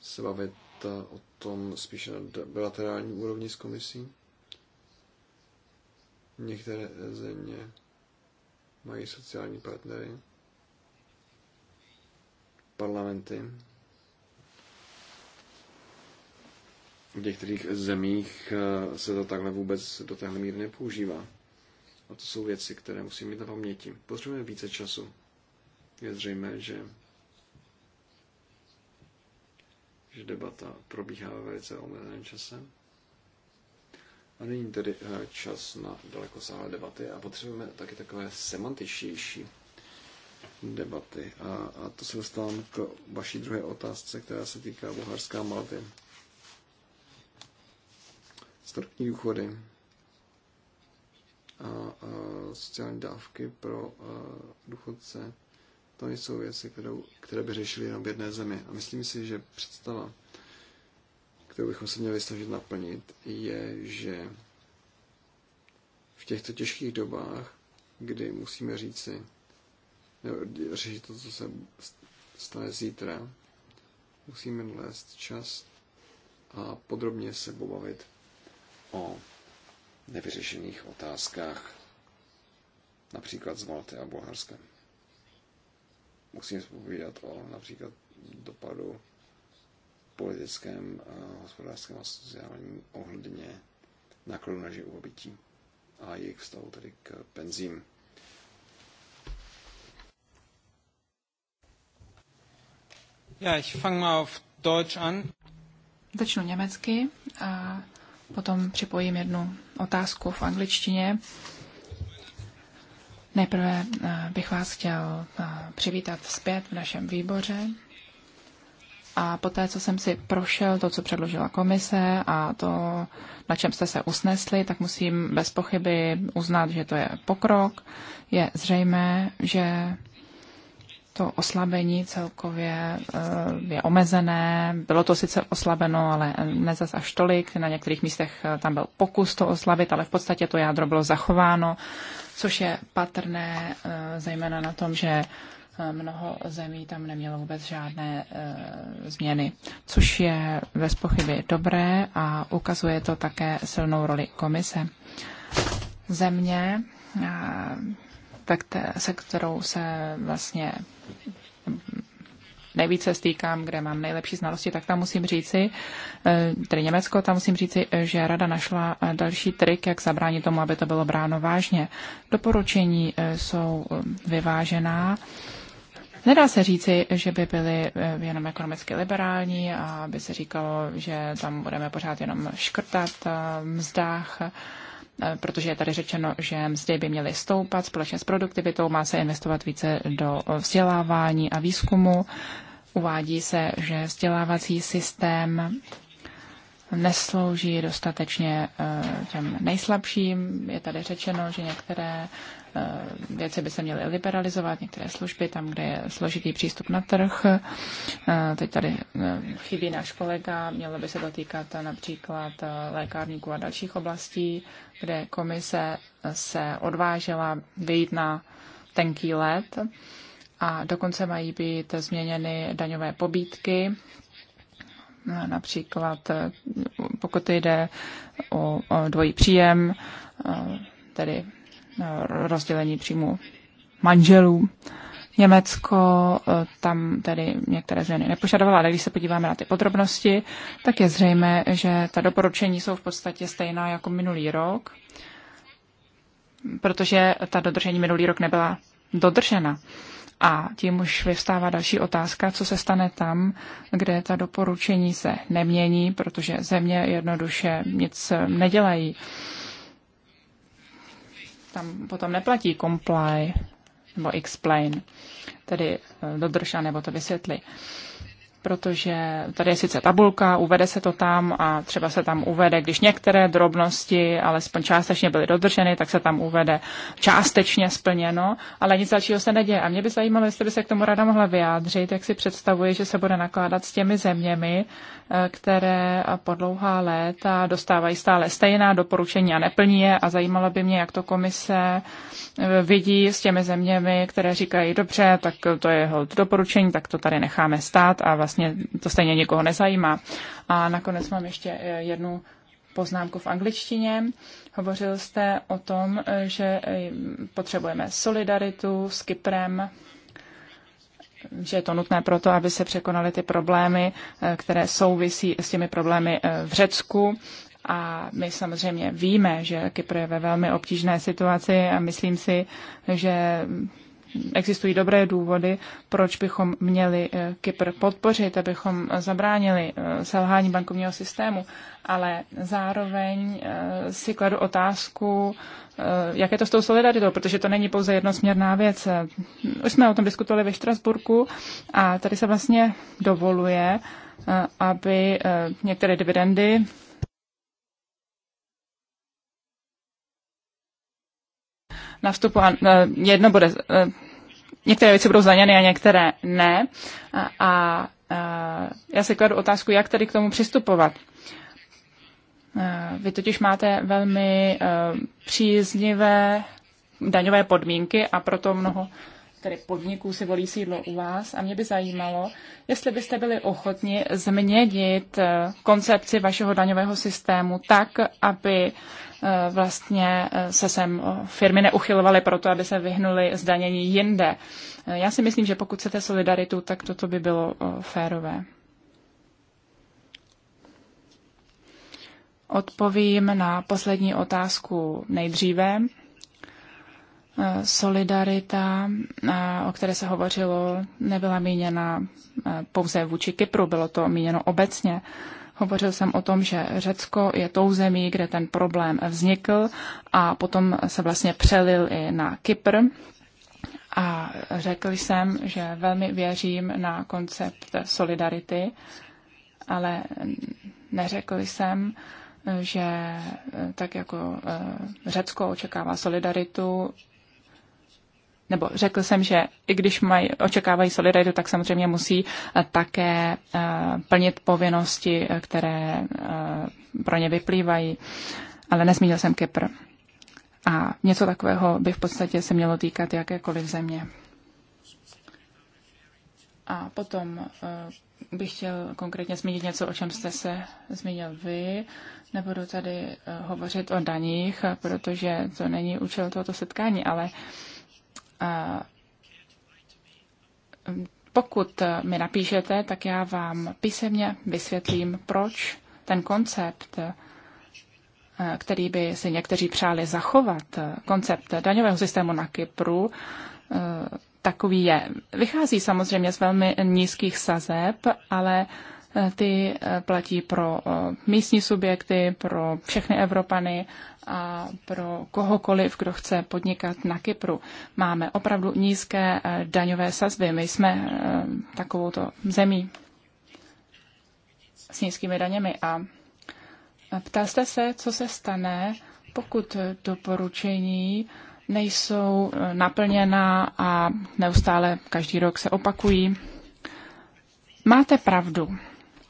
se bavit o tom spíše na bilaterální úrovni s komisí. Některé země mají sociální partnery, parlamenty, v některých zemích eh, se to takhle vůbec do téhle míry nepoužívá. A to jsou věci, které musíme mít na paměti. Potřebujeme více času. Je zřejmé, že, že debata probíhá ve velice omezeném čase. A není tedy eh, čas na sáhlé debaty a potřebujeme taky takové semantičtější debaty. A, a to se dostávám k vaší druhé otázce, která se týká Bulharská Malty starobní důchody a, a sociální dávky pro a, důchodce, to nejsou věci, kterou, které by řešili jenom v jedné zemi. A myslím si, že představa, kterou bychom se měli snažit naplnit, je, že v těchto těžkých dobách, kdy musíme říci, nebo řešit to, co se stane zítra, musíme nalézt čas a podrobně se pobavit o nevyřešených otázkách, například z Malty a Bulharska. Musím zpovídat o například dopadu politickém, a hospodářském a sociálním ohledně nákladů na živobytí a jejich vztahu tedy k penzím. Ja, ich fange mal auf Deutsch an. Začnu německy a Potom připojím jednu otázku v angličtině. Nejprve eh, bych vás chtěl eh, přivítat zpět v našem výboře. A poté, co jsem si prošel to, co předložila komise a to, na čem jste se usnesli, tak musím bez pochyby uznat, že to je pokrok. Je zřejmé, že to oslabení celkově eh, je omezené. Bylo to sice oslabeno, ale ne zas až tolik. Na některých místech eh, tam byl pokus to oslabit, ale v podstatě to jádro bylo zachováno, což je patrné eh, zejména na tom, že mnoho zemí tam nemělo vůbec žádné změny, což je bez pochyby dobré a ukazuje to také silnou roli komise. Země, tak te, se kterou se vlastně nejvíce stýkám, kde mám nejlepší znalosti, tak tam musím říci, eh, tedy Německo, tam musím říci, eh, že rada našla eh, další trik, jak zabránit tomu, aby to bylo bráno vážně. Doporučení jsou vyvážená. Nedá se říci, že by byly jenom ekonomicky liberální a by se říkalo, že tam budeme pořád jenom škrtat v mzdách Eh, protože je tady řečeno, že mzdy by měly stoupat společně s produktivitou, má se investovat více do eh, vzdělávání a výzkumu. Uvádí se, že vzdělávací systém neslouží dostatečně eh, těm nejslabším. Je tady řečeno, že některé Eh, věci by se měly liberalizovat, některé služby tam, kde je složitý přístup na trh. Eh, teď tady eh, chybí náš kolega, mělo by se dotýkat například lékárníků a dalších oblastí, kde komise se odvážela vyjít na tenký let a dokonce mají být změněny daňové pobídky, například pokud jde o dvojí příjem, tedy rozdělení příjmu manželů. Německo e, tam tedy některé změny nepožadovala, ale když se podíváme na ty podrobnosti, tak je zřejmé, že ta doporučení jsou v podstatě stejná jako minulý rok, protože ta dodržení minulý rok nebyla dodržena. A tím už vyvstává další otázka, co se stane tam, kde ta doporučení se nemění, protože země jednoduše nic nedělají tam potom neplatí comply nebo explain, tedy eh, dodrž a nebo to vysvětli protože tady je sice tabulka, uvede se to tam a třeba se tam uvede, když některé drobnosti alespoň částečně byly dodrženy, tak se tam uvede částečně splněno, ale nic dalšího se neděje. A mě by zajímalo, jestli by se k tomu rada mohla vyjádřit, jak si představuje, že se bude nakládat s těmi zeměmi, eh, které po dlouhá léta dostávají stále stejná doporučení a neplní je a zajímalo by mě, jak to komise eh, vidí s těmi zeměmi, které říkají, dobře, tak to je doporučení, tak to tady necháme stát a vlastně vlastně to stejně nikoho nezajímá. A nakonec mám ještě eh, jednu poznámku v angličtině. Hovořil jste o tom, eh, že eh, potřebujeme solidaritu s Kyprem, že je to nutné proto, aby se překonaly ty problémy, které souvisí s těmi problémy v Řecku. A my samozřejmě víme, že Kypr je ve velmi obtížné situaci a myslím si, že existují dobré důvody, proč bychom měli eh, Kypr podpořit, abychom zabránili eh, selhání bankovního systému, ale zároveň eh, si kladu otázku, jak je to s tou solidaritou, protože to není pouze jednosměrná věc. Už jsme o tom diskutovali ve Štrasburku a tady se vlastně dovoluje, aby některé dividendy na vstupu a e, jedno bude, e, některé věci budou zdaněny a některé ne. A, a e, já si kladu otázku, jak tedy k tomu přistupovat. Vy totiž máte velmi příznivé daňové podmínky a proto mnoho tedy podniků si volí sídlo u vás a mě by zajímalo, jestli byste byli ochotni změnit eh, koncepci vašeho daňového systému tak, aby eh, vlastně eh, se sem firmy neuchylovaly proto, aby se vyhnuli zdanění jinde. Já si myslím, že pokud chcete solidaritu, tak toto by bylo férové. Odpovím na poslední otázku nejdříve solidarita, o které se hovořilo, nebyla míněna pouze vůči Kypru, bylo to míněno obecně. Hovořil jsem o tom, že Řecko je tou zemí, kde ten problém vznikl a potom se vlastně přelil i na Kypr. A řekl jsem, že velmi věřím na koncept solidarity, ale neřekl jsem, že tak jako e, Řecko očekává solidaritu, nebo řekl jsem, že i když mají, očekávají solidaritu, tak samozřejmě musí eh, také eh, plnit povinnosti, eh, které pro ně vyplývají. Ale nezmínil jsem Kypr. A něco takového by v podstatě se mělo týkat jakékoliv země. A potom bych chtěl konkrétně zmínit něco, o čem jste se zmínil vy. Nebudu tady hovořit o daních, protože to není účel tohoto setkání, ale uh, pokud mi napíšete, tak já vám písemně vysvětlím, proč ten koncept, který by si někteří přáli zachovat, koncept daňového systému na Kypru, takový je. Vychází samozřejmě z velmi nízkých sazeb, ale ty eh, platí pro eh, místní subjekty, pro všechny Evropany a pro kohokoliv, kdo chce podnikat na Kypru. Máme opravdu nízké eh, daňové sazby. My jsme takovouto zemí s nízkými daněmi a ptá jste se, co se stane, pokud doporučení nejsou naplněna a neustále každý rok se opakují. Máte pravdu.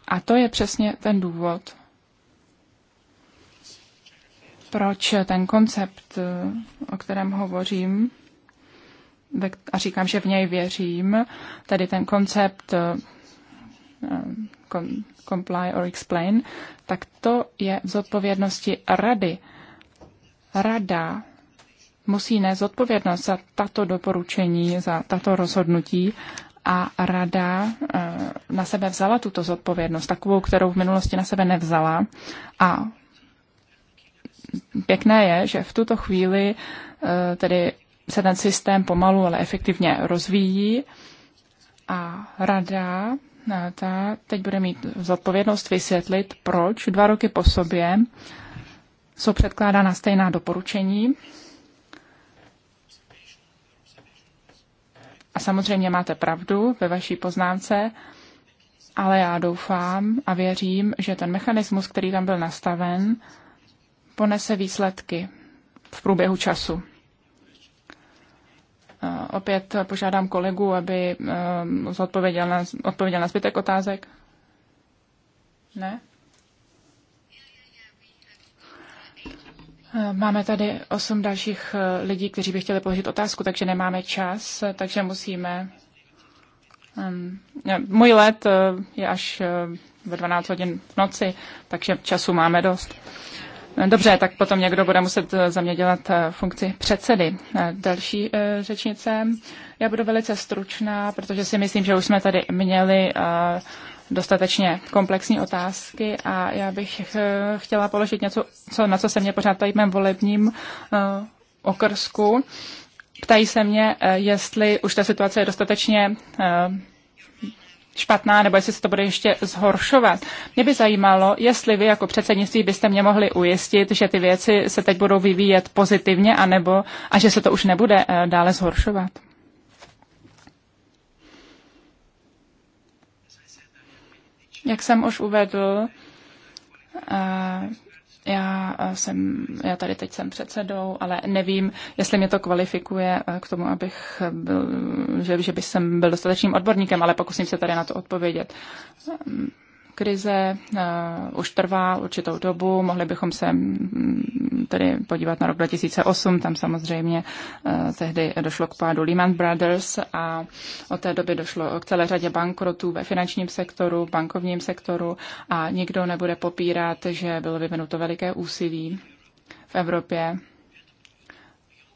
A to je přesně ten důvod, proč ten koncept, o kterém hovořím, a říkám, že v něj věřím, tedy ten koncept eh, comply or explain, tak to je v zodpovědnosti rady. Rada musí nést zodpovědnost za tato doporučení, za tato rozhodnutí a rada eh, na sebe vzala tuto zodpovědnost, takovou, kterou v minulosti na sebe nevzala. A pěkné je, že v tuto chvíli eh, tedy se ten systém pomalu, ale efektivně rozvíjí a rada eh, ta teď bude mít zodpovědnost vysvětlit, proč dva roky po sobě jsou předkládána stejná doporučení A samozřejmě máte pravdu ve vaší poznámce, ale já doufám a věřím, že ten mechanismus, který tam byl nastaven, ponese výsledky v průběhu času. Eh, opět požádám kolegu, aby eh, odpověděl na, odpověděl na zbytek otázek. Ne? Máme tady osm dalších eh, lidí, kteří by chtěli položit otázku, takže nemáme čas, eh, takže musíme. Ehm, můj let eh, je až ve 12 hodin v noci, takže času máme dost. Dobře, tak potom někdo bude muset za mě dělat funkci předsedy. Další řečnice. Já budu velice stručná, protože si myslím, že už jsme tady měli dostatečně komplexní otázky a já bych eh, chtěla položit něco, co, na co se mě pořád ptají v mém volebním eh, okrsku. Ptají se mě, eh, jestli už ta situace je dostatečně špatná, nebo jestli se to bude ještě zhoršovat. Mě by zajímalo, jestli vy jako předsednictví byste mě mohli ujistit, že ty věci se teď budou vyvíjet pozitivně, anebo, a že se to už nebude dále zhoršovat. Jak jsem už uvedl, eh, já, eh, jsem, já tady teď jsem předsedou, ale nevím, jestli mě to kvalifikuje eh, k tomu, abych byl, že, že bych jsem byl dostatečným odborníkem, ale pokusím se tady na to odpovědět. Ehm, krize eh, už trvá určitou dobu. Mohli bychom se mm, tedy podívat na rok 2008, tam samozřejmě eh, tehdy došlo k pádu Lehman Brothers a od té doby došlo k celé řadě bankrotů ve finančním sektoru, bankovním sektoru a nikdo nebude popírat, že bylo vyvinuto veliké úsilí v Evropě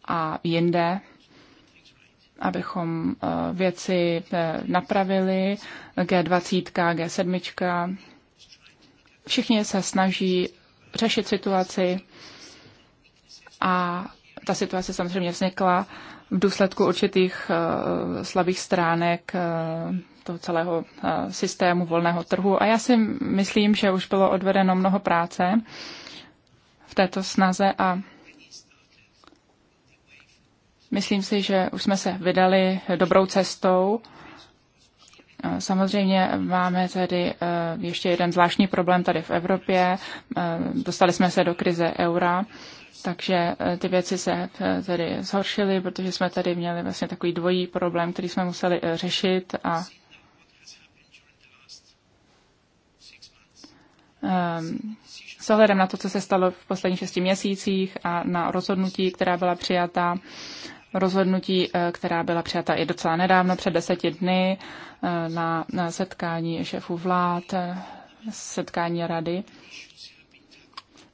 a jinde abychom eh, věci eh, napravili, G20, G7. Všichni se snaží řešit situaci a ta situace samozřejmě vznikla v důsledku určitých eh, slabých stránek toho celého systému volného trhu. A já si myslím, že už bylo odvedeno mnoho práce v této snaze a Myslím si, že už jsme se vydali dobrou cestou. Eh, samozřejmě máme tady eh, ještě jeden zvláštní problém tady v Evropě. Eh, dostali jsme se do krize eura, takže ty věci se tady zhoršily, protože jsme tady měli vlastně takový dvojí problém, který jsme museli řešit a ehm, s ohledem na to, co se stalo v posledních šesti měsících a na rozhodnutí, která byla přijata rozhodnutí, eh, která byla přijata i docela nedávno, před deseti dny, eh, na, na setkání šéfů vlád, eh, setkání rady.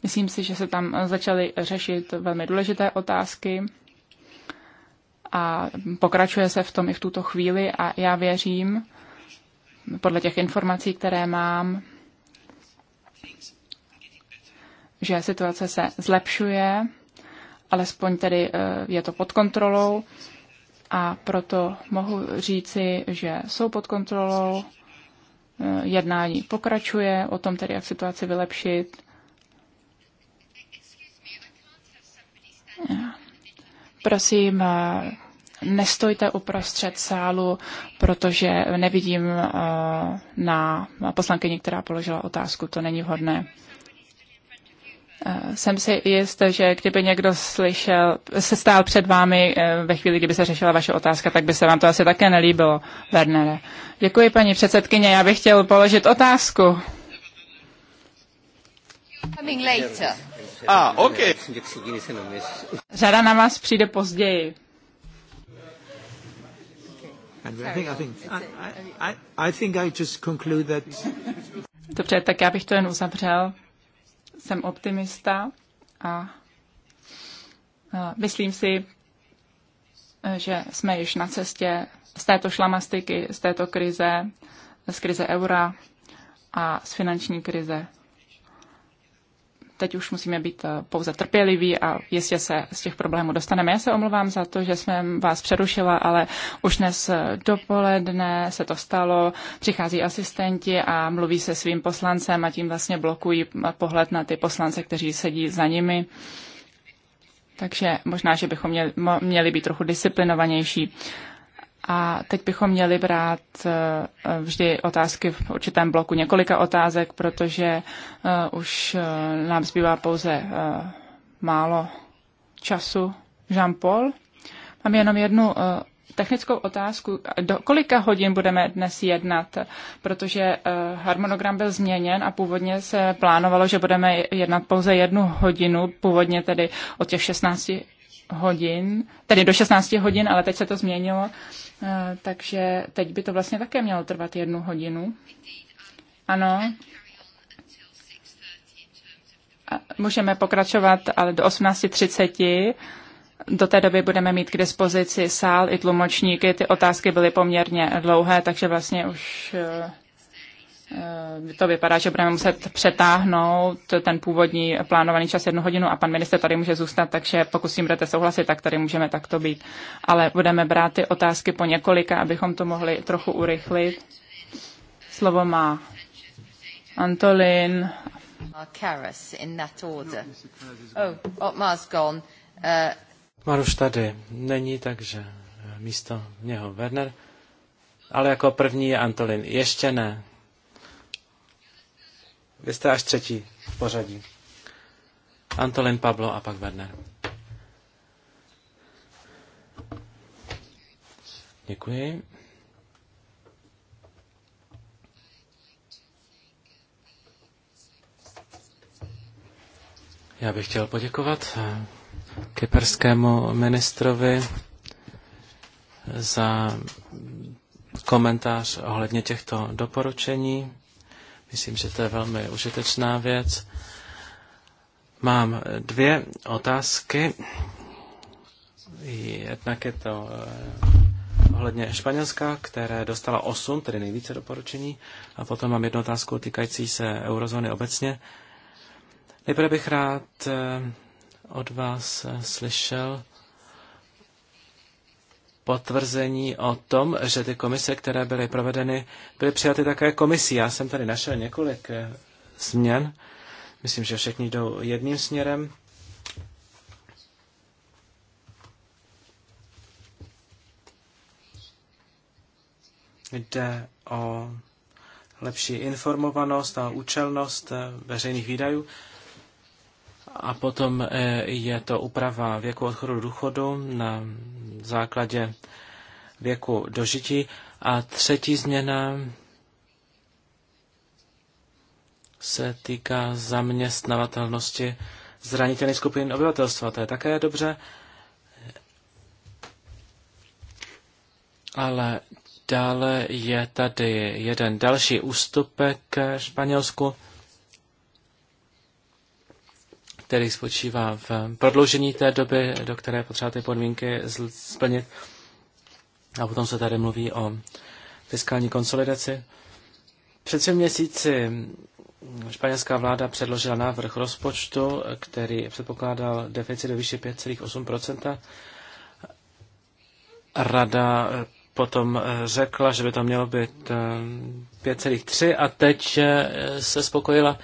Myslím si, že se tam začaly řešit velmi důležité otázky a pokračuje se v tom i v tuto chvíli a já věřím, podle těch informací, které mám, že situace se zlepšuje alespoň tedy eh, je to pod kontrolou a proto mohu říci, že jsou pod kontrolou, eh, jednání pokračuje o tom tedy, jak situaci vylepšit. Prosím, eh, nestojte uprostřed sálu, protože nevidím na poslankyni, která položila otázku, to není vhodné. Eh, jsem si jist, že kdyby někdo slyšel, se stál před vámi eh, ve chvíli, kdyby se řešila vaše otázka, tak by se vám to asi také nelíbilo, Wernere. Děkuji, paní předsedkyně, já bych chtěl položit otázku. Ah, okay. Řada na vás přijde později. Dobře, tak já bych to jen uzavřel. Jsem optimista a myslím si, že jsme již na cestě z této šlamastiky, z této krize, z krize eura a z finanční krize teď už musíme být eh, pouze trpěliví a jistě se z těch problémů dostaneme. Já se omlouvám za to, že jsme vás přerušila, ale už dnes eh, dopoledne se to stalo. Přichází asistenti a mluví se svým poslancem a tím vlastně blokují eh, pohled na ty poslance, kteří sedí za nimi. Takže možná, že bychom měli, měli být trochu disciplinovanější. A teď bychom měli brát eh, vždy otázky v určitém bloku několika otázek, protože eh, už eh, nám zbývá pouze málo času. Jean-Paul, mám jenom jednu technickou otázku. Do kolika hodin budeme dnes jednat? Protože harmonogram byl změněn a původně se plánovalo, že budeme jednat pouze jednu hodinu, původně tedy od těch 16 hodin, tedy do 16 hodin, ale teď se to změnilo, eh, takže teď by to vlastně také mělo trvat jednu hodinu. Ano. Můžeme pokračovat ale do 18.30. Do té doby budeme mít k dispozici sál i tlumočníky. Ty otázky byly poměrně dlouhé, takže vlastně už eh, Eh, to vypadá, že budeme muset přetáhnout ten původní plánovaný čas jednu hodinu a pan minister tady může zůstat, takže pokud s budete souhlasit, tak tady můžeme takto být. Ale budeme brát ty otázky po několika, abychom to mohli trochu urychlit. Slovo má Antolin. Karas in oh, uh, Maruš tady není, takže místo něho Werner. Ale jako první je Antolin. Ještě ne. Vy jste až třetí v pořadí. Antolin Pablo a pak Werner. Děkuji. Já bych chtěl poděkovat eh, kyperskému ministrovi za komentář ohledně těchto doporučení. Myslím, že to je velmi užitečná věc. Mám dvě otázky. Jednak je to eh, ohledně Španělska, které dostala 8, tedy nejvíce doporučení. A potom mám jednu otázku týkající se eurozóny obecně. Nejprve bych rád eh, od vás eh, slyšel, potvrzení o tom, že ty komise, které byly provedeny, byly přijaty také komisí. Já jsem tady našel několik eh, změn. Myslím, že všechny jdou jedním směrem. Jde o lepší informovanost a účelnost eh, veřejných výdajů. A potom eh, je to úprava věku odchodu důchodu na základě věku dožití. A třetí změna se týká zaměstnavatelnosti zranitelných skupin obyvatelstva. To je také dobře. Ale dále je tady jeden další ústupek Španělsku který spočívá v prodloužení té doby, do které potřeba ty podmínky splnit. A potom se tady mluví o fiskální konsolidaci. Před třemi měsíci španělská vláda předložila návrh rozpočtu, který předpokládal deficit do výše 5,8 Rada potom eh, řekla, že by to mělo být 5,3 eh, a teď eh, se spokojila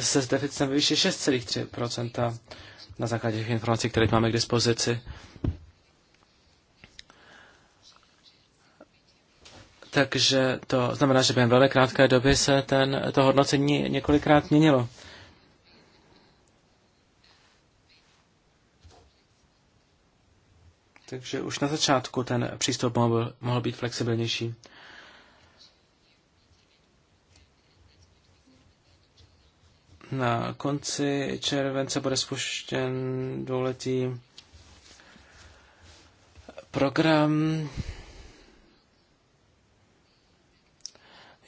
se s deficitem vyšší 6,3 na základě těch informací, které máme k dispozici. Takže to znamená, že během velmi krátké doby se ten, to hodnocení několikrát měnilo. Takže už na začátku ten přístup mohl, mohl být flexibilnější. Na konci července bude spuštěn dvouletý program.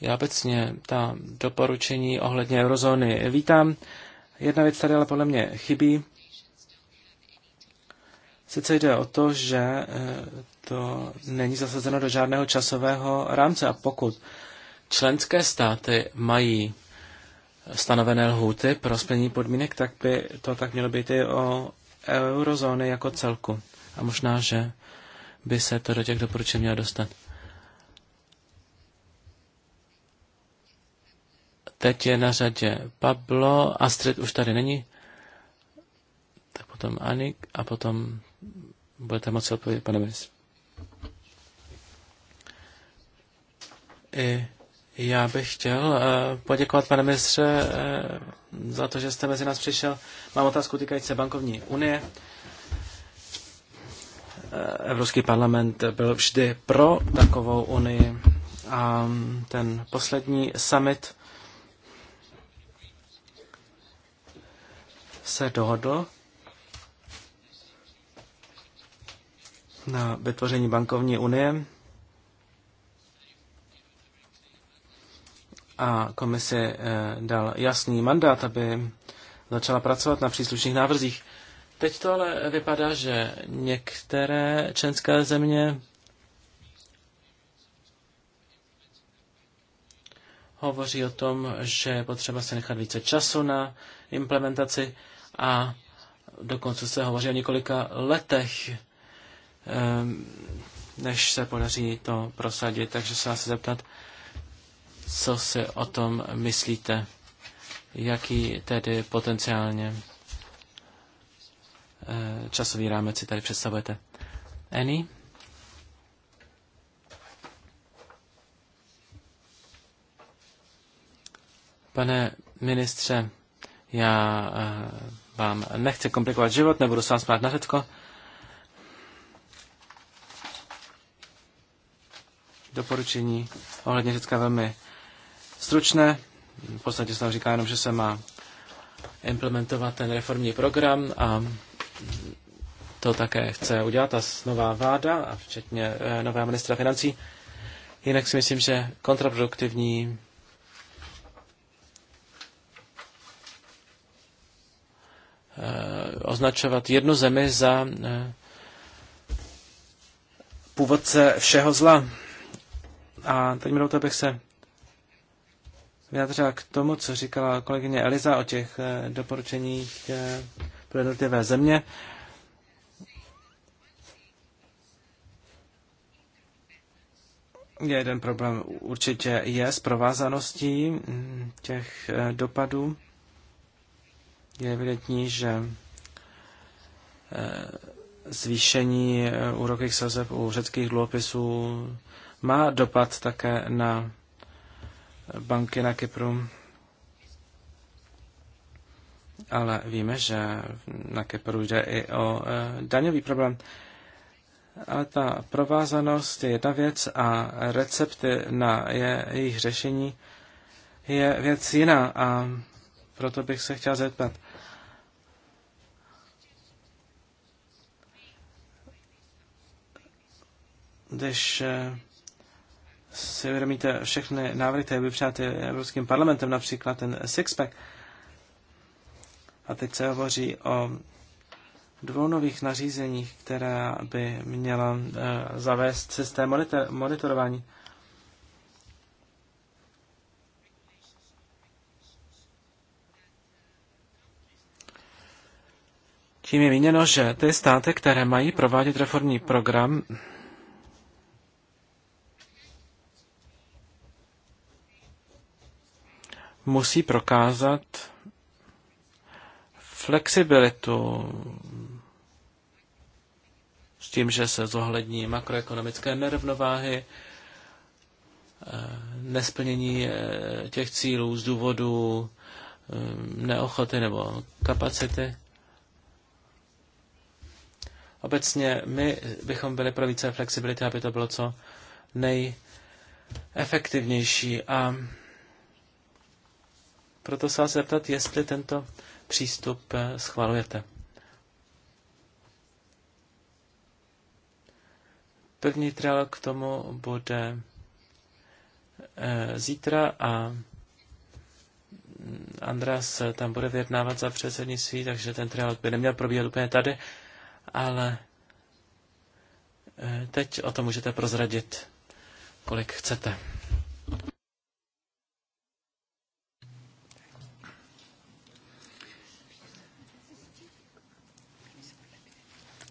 Já obecně ta doporučení ohledně eurozóny vítám. Jedna věc tady ale podle mě chybí. Sice jde o to, že eh, to není zasazeno do žádného časového rámce a pokud členské státy mají stanovené lhůty pro splnění podmínek, tak by to tak mělo být i o eurozóny jako celku. A možná, že by se to do těch doporučení mělo dostat. Teď je na řadě Pablo, Astrid už tady není, tak potom Anik a potom Budete moci odpovědět, pane ministře. já bych chtěl eh, poděkovat, pane ministře, eh, za to, že jste mezi nás přišel. Mám otázku týkající se bankovní unie. Eh, Evropský parlament byl vždy pro takovou unii a mm, ten poslední summit se dohodl na vytvoření bankovní unie a komisi eh, dal jasný mandát, aby začala pracovat na příslušných návrzích. Teď to ale vypadá, že některé členské země hovoří o tom, že je potřeba se nechat více času na implementaci a dokonce se hovoří o několika letech Ehm, než se podaří to prosadit. Takže se vás zeptat, co si o tom myslíte, jaký tedy potenciálně eh, časový rámec si tady představujete. Any? Pane ministře, já eh, vám nechci komplikovat život, nebudu se vám ptát na řetko. doporučení ohledně Řecka velmi stručné. V podstatě se tam říká jenom, že se má implementovat ten reformní program a to také chce udělat ta nová vláda a včetně eh, nového ministra financí. Jinak si myslím, že kontraproduktivní eh, označovat jednu zemi za eh, původce všeho zla. A teď mi dovolte, abych se vyjádřila k tomu, co říkala kolegyně Eliza o těch eh, doporučeních eh, pro jednotlivé země. Jeden problém určitě je s provázaností mm, těch eh, dopadů. Je evidentní, že zvýšení úrokových sazeb u řeckých dluhopisů má dopad také na banky na Kypru. Ale víme, že na Kypru jde i o e, daňový problém. Ale ta provázanost je jedna věc a recepty na je, jejich řešení je věc jiná a proto bych se chtěl zeptat. Když e, si uvědomíte všechny návrhy, které by přijaty Evropským parlamentem, například ten Sixpack, a teď se hovoří o dvou nových nařízeních, která by měla e, zavést systém monitor- monitorování. Tím je míněno, že ty státy, které mají provádět reformní program, musí prokázat flexibilitu s tím, že se zohlední makroekonomické nerovnováhy, eh, nesplnění eh, těch cílů z důvodu eh, neochoty nebo kapacity. Obecně my bychom byli pro více flexibility, aby to bylo co nejefektivnější. A proto se vás zeptat, jestli tento přístup eh, schvalujete. První trial k tomu bude eh, zítra a mm, Andras tam bude vyjednávat za předsednictví, takže ten trial by neměl probíhat úplně tady, ale eh, teď o tom můžete prozradit, kolik chcete.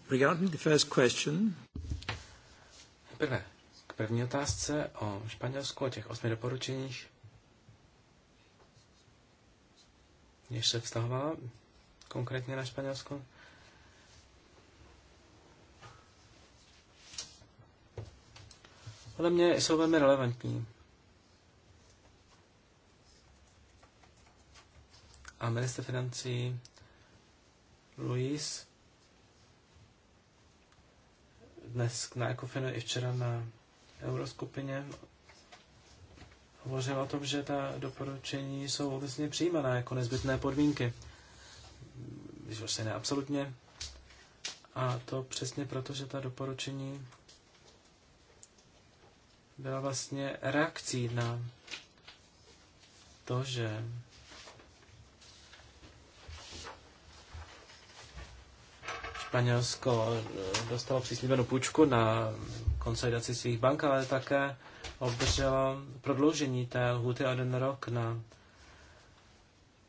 Regarding the first question. Prvé, k první otázce o Španělsku, o těch osmi doporučeních, jež se vztahovala konkrétně na Španělsko. Podle mě jsou velmi relevantní. A minister financí Luis dnes na Ekofinu i včera na Euroskupině hovořil o tom, že ta doporučení jsou obecně přijímaná jako nezbytné podmínky. Když vlastně ne absolutně. A to přesně proto, že ta doporučení byla vlastně reakcí na to, že Španělsko dostalo příslíbenou půjčku na konsolidaci svých bank, ale také obdrželo prodloužení té lhuty o jeden rok na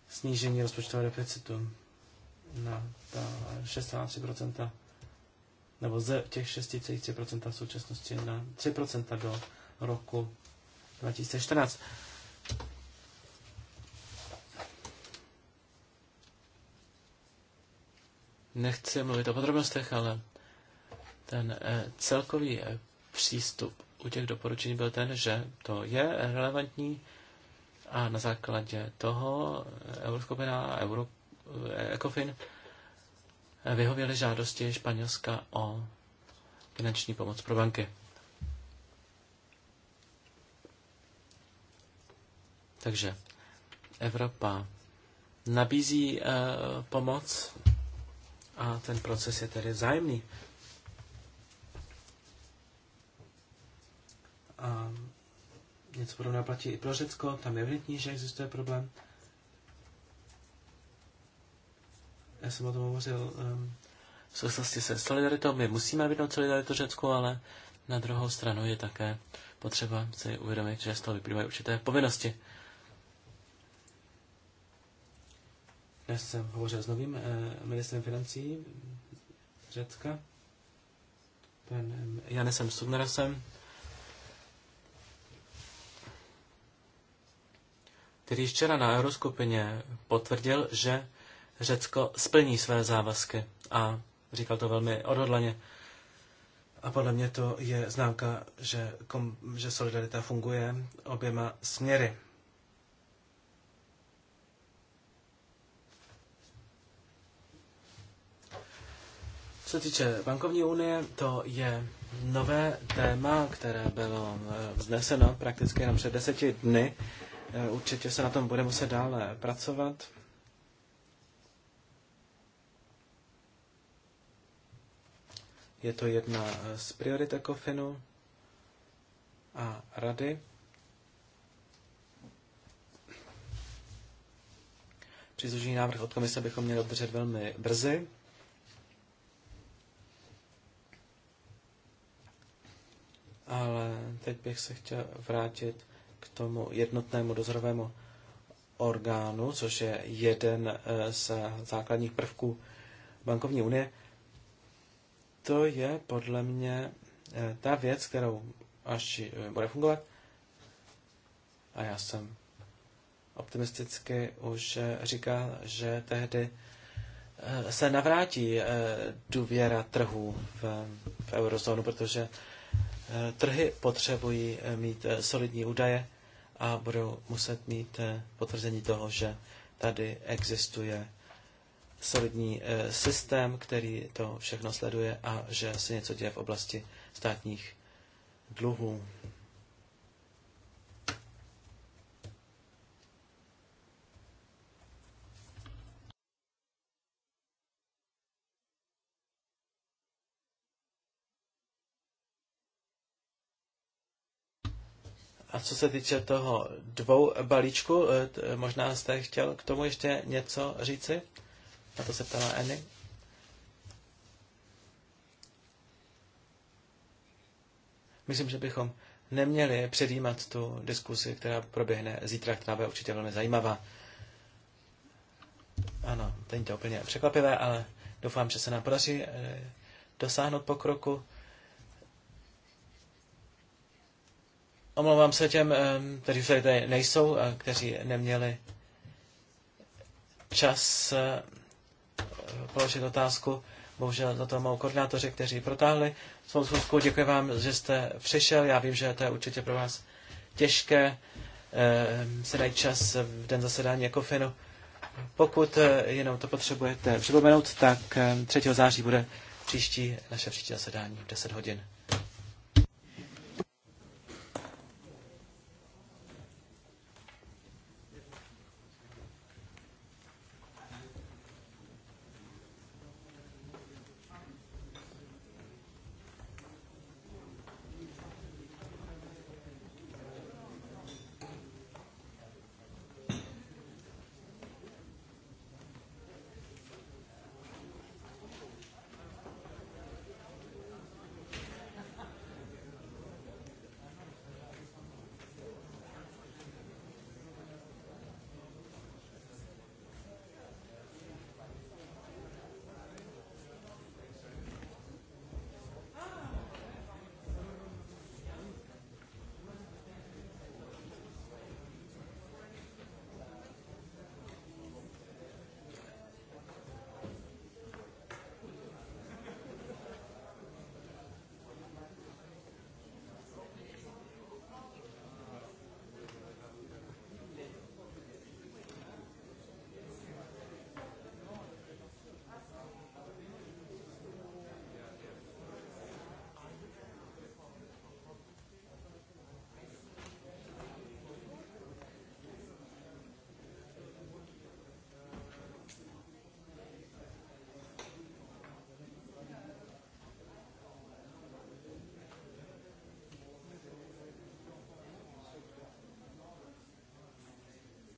snížení rozpočtového deficitu na ta 16%, nebo z těch 6,3% v současnosti na 3% do roku 2014. nechci mluvit o podrobnostech, ale ten eh, celkový eh, přístup u těch doporučení byl ten, že to je relevantní a na základě toho eh, Euroskopina a Euro, ECOFIN vyhověly žádosti Španělska o finanční pomoc pro banky. Takže Evropa nabízí e, pomoc a ten proces je tedy vzájemný. A něco podobného platí i pro Řecko, tam je vnitřní, že existuje problém. Já jsem o tom hovořil um, v souvislosti se solidaritou. My musíme vyvinout solidaritu Řecku, ale na druhou stranu je také potřeba si uvědomit, že z toho vyplývají určité povinnosti. Dnes jsem hovořil s novým eh, ministrem financí Řecka, panem Janesem Sudnerasem, který včera na Euroskupině potvrdil, že Řecko splní své závazky a říkal to velmi odhodlaně. A podle mě to je známka, že, kom, že solidarita funguje oběma směry. Co se týče bankovní unie, to je nové téma, které bylo eh, vzneseno prakticky jenom před deseti dny. Eh, určitě se na tom bude muset dále pracovat. Je to jedna eh, z priorit Ekofinu a rady. Příslušný návrh od komise bychom měli obdržet velmi brzy. Ale teď bych se chtěl vrátit k tomu jednotnému dozorovému orgánu, což je jeden eh, z základních prvků bankovní unie. To je podle mě eh, ta věc, kterou až eh, bude fungovat. A já jsem optimisticky už říkal, že tehdy se navrátí důvěra trhů v, v eurozónu, protože Eh, trhy potřebují eh, mít eh, solidní údaje a budou muset mít potvrzení toho, že tady existuje solidní systém, který to všechno sleduje a že se něco děje v oblasti státních dluhů. A co se týče toho dvou balíčku, eh, eh, možná jste chtěl k tomu ještě něco říci? Na to se ptala Eny. Myslím, že bychom neměli předjímat tu diskusi, která proběhne zítra, která bude určitě velmi zajímavá. Ano, není to úplně překvapivé, ale doufám, že se nám podaří eh, dosáhnout pokroku. Omlouvám se těm, kteří tady nejsou, kteří neměli čas eh, položit otázku. Bohužel za to mou koordinátoři, kteří protáhli svou schůzku. Děkuji vám, že jste přišel. Já vím, že to je určitě pro vás těžké se najít čas v den zasedání jako finu. Pokud eh, jenom to potřebujete připomenout, tak 3. září bude příští, naše příští zasedání v 10 hodin.